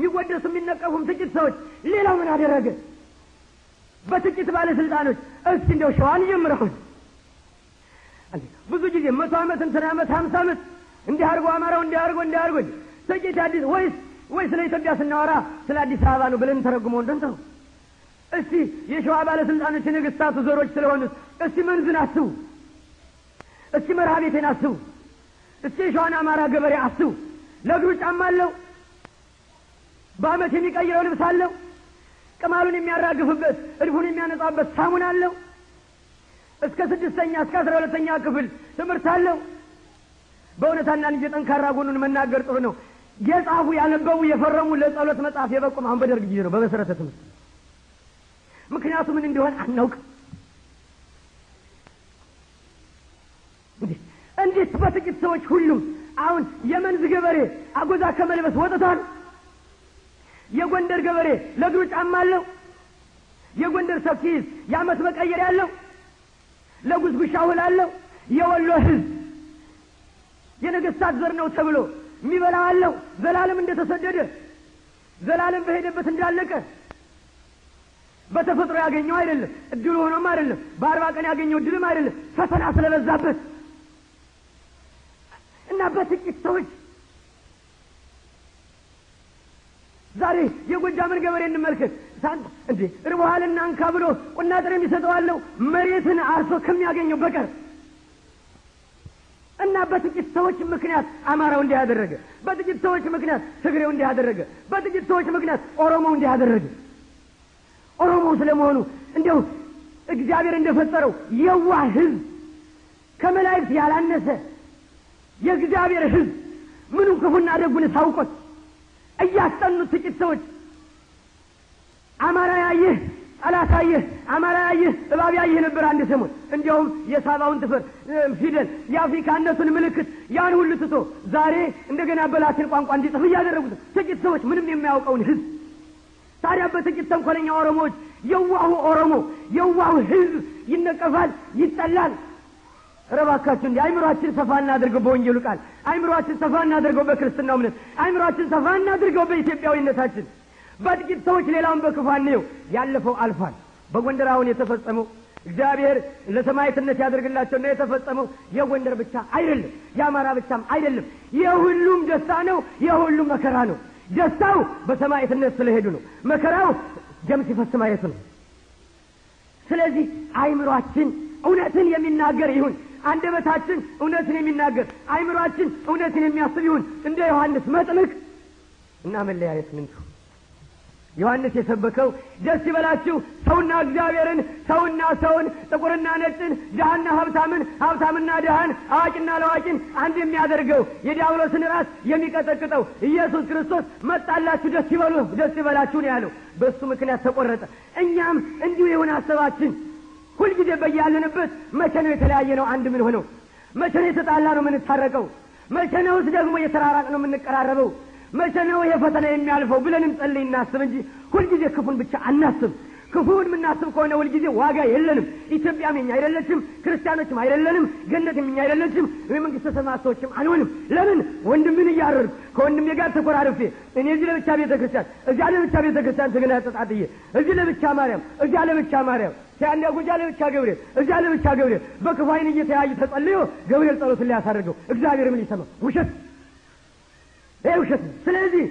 [SPEAKER 1] የሚወደሱ የሚነቀፉም ጥቂት ሰዎች፣ ሌላው ምን አደረገ? በጥቂት ባለስልጣኖች እስኪ እንደው ሸዋን ጀምረውን ብዙ ጊዜ መቶ ዓመት እንትን ዓመት ሀምሳ ዓመት እንዲህ አድርጎ አማራው እንዲህ አድርጎ እንዲህ አድርጎ ጥቂት አዲስ ወይስ ወይ ስለ ኢትዮጵያ ስናወራ ስለ አዲስ አበባ ነው ብለን ተረጉመው እንደንተ እስቲ የሸዋ ባለስልጣኖች የነገስታቱ ዘሮች ስለሆኑት እስቲ መንዝን አስቡ፣ እስቲ መርሃ ቤቴን አስቡ፣ እስቲ የሸዋን አማራ ገበሬ አስቡ። ለእግሩ ጫማ አለው፣ በአመት የሚቀይረው ልብስ አለው፣ ቅማሉን የሚያራግፍበት እድፉን የሚያነጻበት ሳሙን አለው። እስከ ስድስተኛ እስከ አስራ ሁለተኛ ክፍል ትምህርት አለው። በእውነት አንዳንድ ጊዜ ጠንካራ ጎኑን መናገር ጥሩ ነው። የጻፉ ያነበቡ፣ የፈረሙ ለጸሎት መጽሐፍ የበቁም አሁን በደርግ ጊዜ ነው በመሰረተ ትምህርት። ምክንያቱ ምን እንዲሆን አናውቅም። እንዴት በጥቂት ሰዎች ሁሉም አሁን የመንዝ ገበሬ አጎዛ ከመልበስ ወጥቷል። የጎንደር ገበሬ ለእግሩ ጫማ አለው። የጎንደር ሰፊ የአመት መቀየር ያለው ለጉዝጉሻ እውላለሁ። የወሎ ህዝብ የነገስታት ዘር ነው ተብሎ የሚበላ አለው። ዘላለም እንደተሰደደ ዘላለም በሄደበት እንዳለቀ በተፈጥሮ ያገኘው አይደለም፣ እድሉ ሆኖም አይደለም፣ በአርባ ቀን ያገኘው እድልም አይደለም፣ ፈተና ስለበዛበት እና በጥቂት ሰዎች ዛሬ የጎጃምን ገበሬ እንመልከት። እንዴ እርቦሃልና አንካ ብሎ ቁና ጥሬ የሚሰጠዋለው መሬትን አርሶ ከሚያገኘው በቀር እና በጥቂት ሰዎች ምክንያት አማራው እንዲህ ያደረገ፣ በጥቂት ሰዎች ምክንያት ትግሬው እንዲህ ያደረገ፣ በጥቂት ሰዎች ምክንያት ኦሮሞው እንዲህ ያደረገ። ኦሮሞ ስለመሆኑ እንዲያው እግዚአብሔር እንደፈጠረው የዋ ህዝብ ከመላእክት ያላነሰ የእግዚአብሔር ህዝብ ምኑን ክፉና ደጉን ሳውቆት እያስጠኑ ጥቂት ሰዎች አማራ ያይህ ጠላት ያይህ አማራ ያይህ እባብ ያይህ ነበር አንድ ሰሞን። እንዲያውም የሳባውን ጥፍር ፊደል የአፍሪካነቱን ምልክት ያን ሁሉ ትቶ ዛሬ እንደገና በላቲን ቋንቋ እንዲጽፍ እያደረጉት ጥቂት ሰዎች ምንም የማያውቀውን ህዝብ ታዲያ በጥቂት ተንኮለኛ ኦሮሞዎች የዋሁ ኦሮሞ የዋሁ ህዝብ ይነቀፋል፣ ይጠላል፣ ረባካችሁ እንዲ አይምሯችን ሰፋ እናድርገው በወንጌሉ ቃል አይምሯችን ሰፋ እናድርገው በክርስትናው እምነት አይምሯችን ሰፋ እናድርገው በኢትዮጵያዊነታችን በጥቂት ሰዎች ሌላውን በክፋኔው ያለፈው አልፏል በጎንደር አሁን የተፈጸመው እግዚአብሔር ለሰማይትነት ያደርግላቸው ነው የተፈጸመው የጎንደር ብቻ አይደለም የአማራ ብቻም አይደለም የሁሉም ደስታ ነው የሁሉም መከራ ነው ደስታው በሰማዕትነት ስለሄዱ ነው መከራው ደም ሲፈስ ማየቱ ነው ስለዚህ አይምሯችን እውነትን የሚናገር ይሁን አንደበታችን እውነትን የሚናገር አይምሯችን እውነትን የሚያስብ ይሁን። እንደ ዮሐንስ መጥምቅ እና መለያየት ምንጩ ዮሐንስ የሰበከው ደስ ይበላችሁ ሰውና እግዚአብሔርን፣ ሰውና ሰውን፣ ጥቁርና ነጭን፣ ድሃና ሀብታምን፣ ሀብታምና ድሃን፣ አዋቂና ለዋቂን አንድ የሚያደርገው የዲያብሎስን ራስ የሚቀጠቅጠው ኢየሱስ ክርስቶስ መጣላችሁ፣ ደስ ይበሉ፣ ደስ ይበላችሁ ነው ያለው። በእሱ ምክንያት ተቆረጠ። እኛም እንዲሁ የሆነ አሰባችን ጊዜ በያለንበት መቼ ነው የተለያየ ነው አንድ ምን ሆነው? መቼ ነው የተጣላ ነው የምንታረቀው? መቼ ነውስ ደግሞ የተራራቅ ነው የምንቀራረበው? መቼ ነው የፈተና ፈተና የሚያልፈው ብለንም ጸልይ እናስብ እንጂ ሁልጊዜ ክፉን ብቻ አናስብ። ክፉን የምናስብ ከሆነ ሁልጊዜ ዋጋ የለንም። ኢትዮጵያም የኛ አይደለችም፣ ክርስቲያኖችም አይደለንም፣ ገነትም የኛ አይደለችም፣ የመንግስተ ሰማያት ሰዎችም አንሆንም። ለምን ወንድምን እያረርኩ ከወንድሜ ጋር ተኮራርፌ እኔ እዚህ ለብቻ ቤተ ክርስቲያን፣ እዚያ ለብቻ ቤተ ክርስቲያን ተጣጥዬ እዚህ ለብቻ ማርያም፣ እዚያ ለብቻ ማርያም ሲያንዳጉ እዚያ ላይ ብቻ ገብርኤል እዚያ ላይ ብቻ ገብርኤል በክፉ ዓይን እየተያዩ ተጸልዩ ገብርኤል ጸሎት ላይ ያሳደርገው እግዚአብሔር ምን ይሰማ? ውሸት ይህ ውሸት ነው። ስለዚህ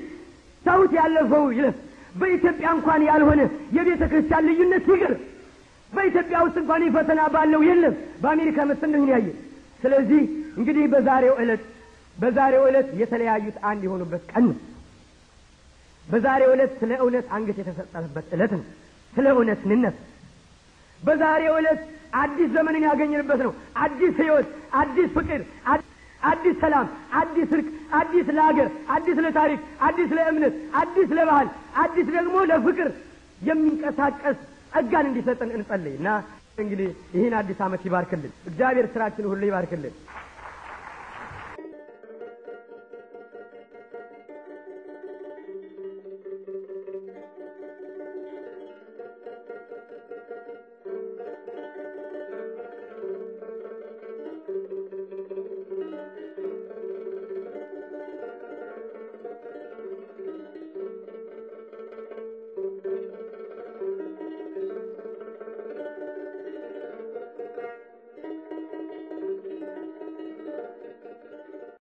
[SPEAKER 1] ሰውት ያለፈው ይለፍ። በኢትዮጵያ እንኳን ያልሆነ የቤተ ክርስቲያን ልዩነት ይቅር። በኢትዮጵያ ውስጥ እንኳን ፈተና ባለው የለም። በአሜሪካ መተን ነው ያየ። ስለዚህ እንግዲህ በዛሬው ዕለት በዛሬው ዕለት የተለያዩት አንድ የሆኑበት ቀን ነው። በዛሬው ዕለት ስለ እውነት አንገት የተሰጠበት ዕለት ነው። ስለ እውነት ንነት በዛሬ ዕለት አዲስ ዘመንን ያገኘንበት ነው። አዲስ ህይወት፣ አዲስ ፍቅር፣ አዲስ ሰላም፣ አዲስ እርቅ፣ አዲስ ለሀገር፣ አዲስ ለታሪክ፣ አዲስ ለእምነት፣ አዲስ ለባህል፣ አዲስ ደግሞ ለፍቅር የሚንቀሳቀስ ጸጋን እንዲሰጠን እንጸልይ እና እንግዲህ ይህን አዲስ ዓመት ይባርክልን እግዚአብሔር ስራችን ሁሉ ይባርክልን።